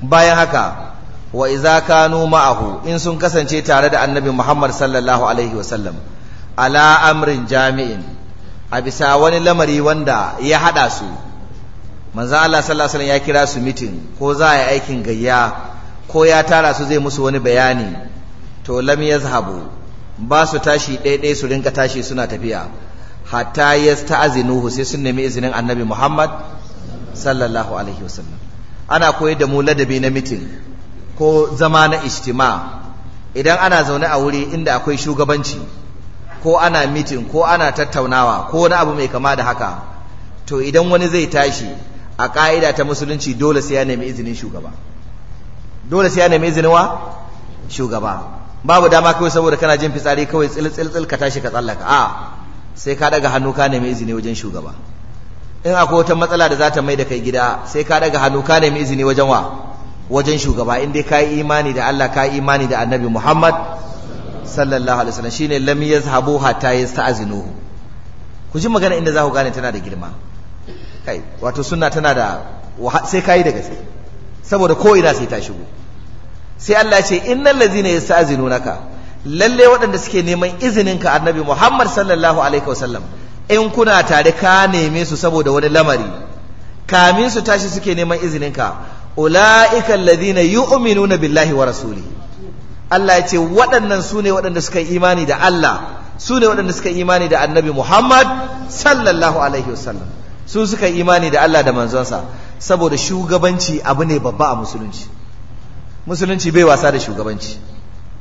bayan haka wa idza kanu ma'ahu in sun kasance tare da annabi Muhammad sallallahu alaihi wasallam ala amrin jami'in a bisa wani lamari wanda ya hada su manzo Allah sallallahu alaihi wasallam ya kira su meeting ko za a yi aikin gayya ko ya tara su zai musu wani bayani to lam yazhabu ba su tashi ɗaiɗai su rinka tashi suna tafiya hatta yasta'zinuhu sai sun nemi izinin annabi Muhammad sallallahu alaihi wasallam ana koyar da mu ladabi na mitin ko zama na ijtima idan ana zaune a wuri inda akwai shugabanci ko ana mitin ko ana tattaunawa ko wani abu mai kama da haka to idan wani zai tashi a ka'ida ta musulunci dole sai ya nemi izinin shugaba dole sai ya nemi izinin wa shugaba babu dama kawai saboda kana jin fitsari kawai tsiltsiltsil ka tashi ka tsallaka a sai ka daga hannu ka nemi izini wajen shugaba in akwai wata matsala da za ta mai da kai gida sai ka daga hannu ka nemi izini wajen wa wajen shugaba in dai ka yi imani da Allah ka yi imani da Annabi Muhammad sallallahu alaihi wasallam shine lam yazhabu hatta yasta'zinuhu ku ji magana inda za ku gane tana da girma kai wato sunna tana da sai kai da gaske saboda ko ina sai ta shigo sai Allah ya ce innal ladzina yasta'zinunaka lalle waɗanda suke neman izinin ka annabi Muhammad sallallahu alaihi wasallam in kuna tare ka neme su saboda wani lamari kamin su tashi suke neman izinin ka ulaika alladhina yu'minuna billahi wa rasulihi Allah ya ce waɗannan su ne waɗanda suka yi imani da Allah su ne waɗanda suka yi imani da annabi Muhammad sallallahu alaihi wasallam su suka yi imani da Allah da manzonsa saboda shugabanci abu ne babba a musulunci musulunci bai wasa da shugabanci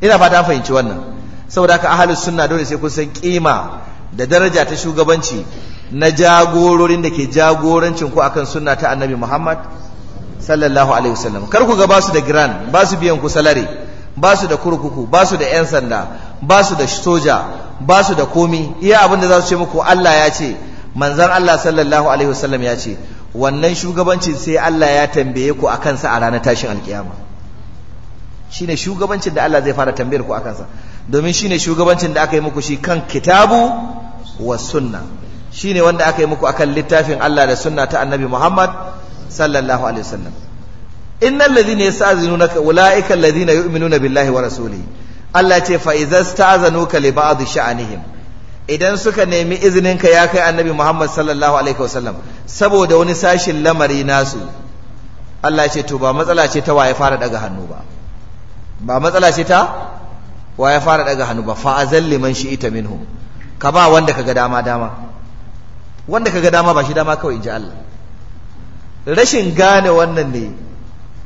ina fata an fahimci wannan saboda haka ahalus sunna dole sai kun san kima da daraja ta shugabanci na jagororin da ke jagorancin ku akan sunna ta annabi Muhammad sallallahu alaihi wasallam kar ku ga basu da grand basu biyan ku salari basu da kurkuku basu da yan sanda basu da soja basu da komi iya abin da za su ce muku Allah ya ce manzon Allah sallallahu alaihi wasallam ya ce wannan shugabancin sai Allah ya tambaye ku a kansa a ranar tashin alkiyama shi ne shugabancin da Allah zai fara tambayar ku a kansa domin shi ne shugabancin da aka yi muku shi kan kitabu wa sunna shi ne wanda aka yi muku akan littafin Allah da sunna ta Annabi Muhammad sallallahu alaihi wasallam innal ladhina yasta'zinunaka ulaika alladhina yu'minuna billahi wa rasulihi Allah ce fa idza sta'zanuka li ba'd sha'anihim idan suka nemi izininka ya kai annabi Muhammad sallallahu alaihi wasallam saboda wani sashin lamari nasu Allah ce to ba matsala ce ta waye fara daga hannu ba ba matsala ce ta waye fara daga hannu ba fa azal liman shi'ita minhum ka ba wanda kaga dama dama wanda kaga dama ba shi dama kawai inji Allah rashin gane wannan ne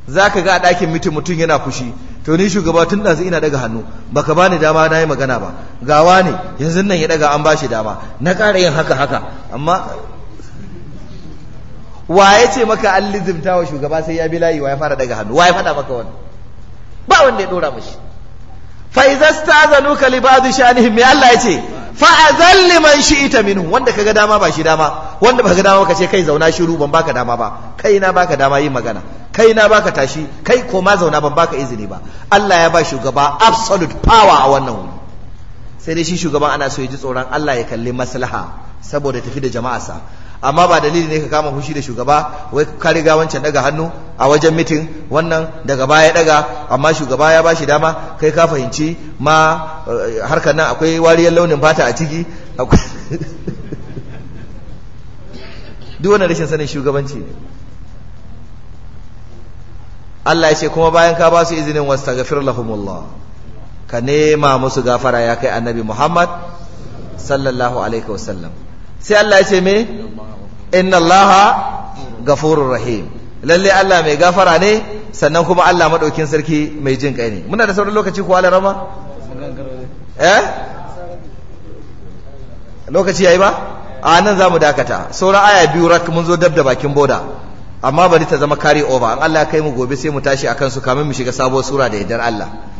zaka ga a dakin mutum mutum yana fushi to ni shugaba tun ɗazu ina daga hannu baka bani dama na yi magana ba gawa ne yanzu nan ya daga an ba shi dama na ƙara yin haka haka amma wa ya ce maka an lizimta wa shugaba sai ya bi layi wa ya fara daga hannu wa ya faɗa maka wani ba wanda ya ɗora mashi Faizasta idza liba li ba'd shanihim mai Allah ya ce fa man shi ita minu wanda ka ga dama ba shi dama wanda baka dama ce kai zauna shiru ban baka dama ba kai na baka dama yin magana kai na baka tashi kai koma zauna ban baka izini ba Allah ya ba shugaba absolute power a wannan wuri sai dai shi shugaban ana so ya ji tsoron Allah ya kalli maslaha saboda tafi da sa amma ba dalili ne ka kama fushi da shugaba wai ka riga wancan daga hannu a wajen mitin wannan daga baya daga amma shugaba ya bashi dama kai ka fahimci ma eh, harkar nan akwai wariyar launin fata a ciki duk wannan rashin sanin shugabanci ne Allah ya ce kuma bayan ka ba su izinin wastaghfir lahumullah ka nema musu gafara ya kai annabi Muhammad sallallahu alaihi wasallam sai Allah ya ce me inna allaha gafurur rahim lalle Allah mai gafara ne sannan kuma Allah madaukin sarki mai jin kai ne muna da sauran lokaci ko Allah rama eh lokaci yayi ba a nan zamu dakata sauran aya biyu rak mun zo dab da bakin boda amma bari ta zama carry over an Allah kai mu gobe sai mu tashi akan su kamin mu shiga sabuwar sura da yardar Allah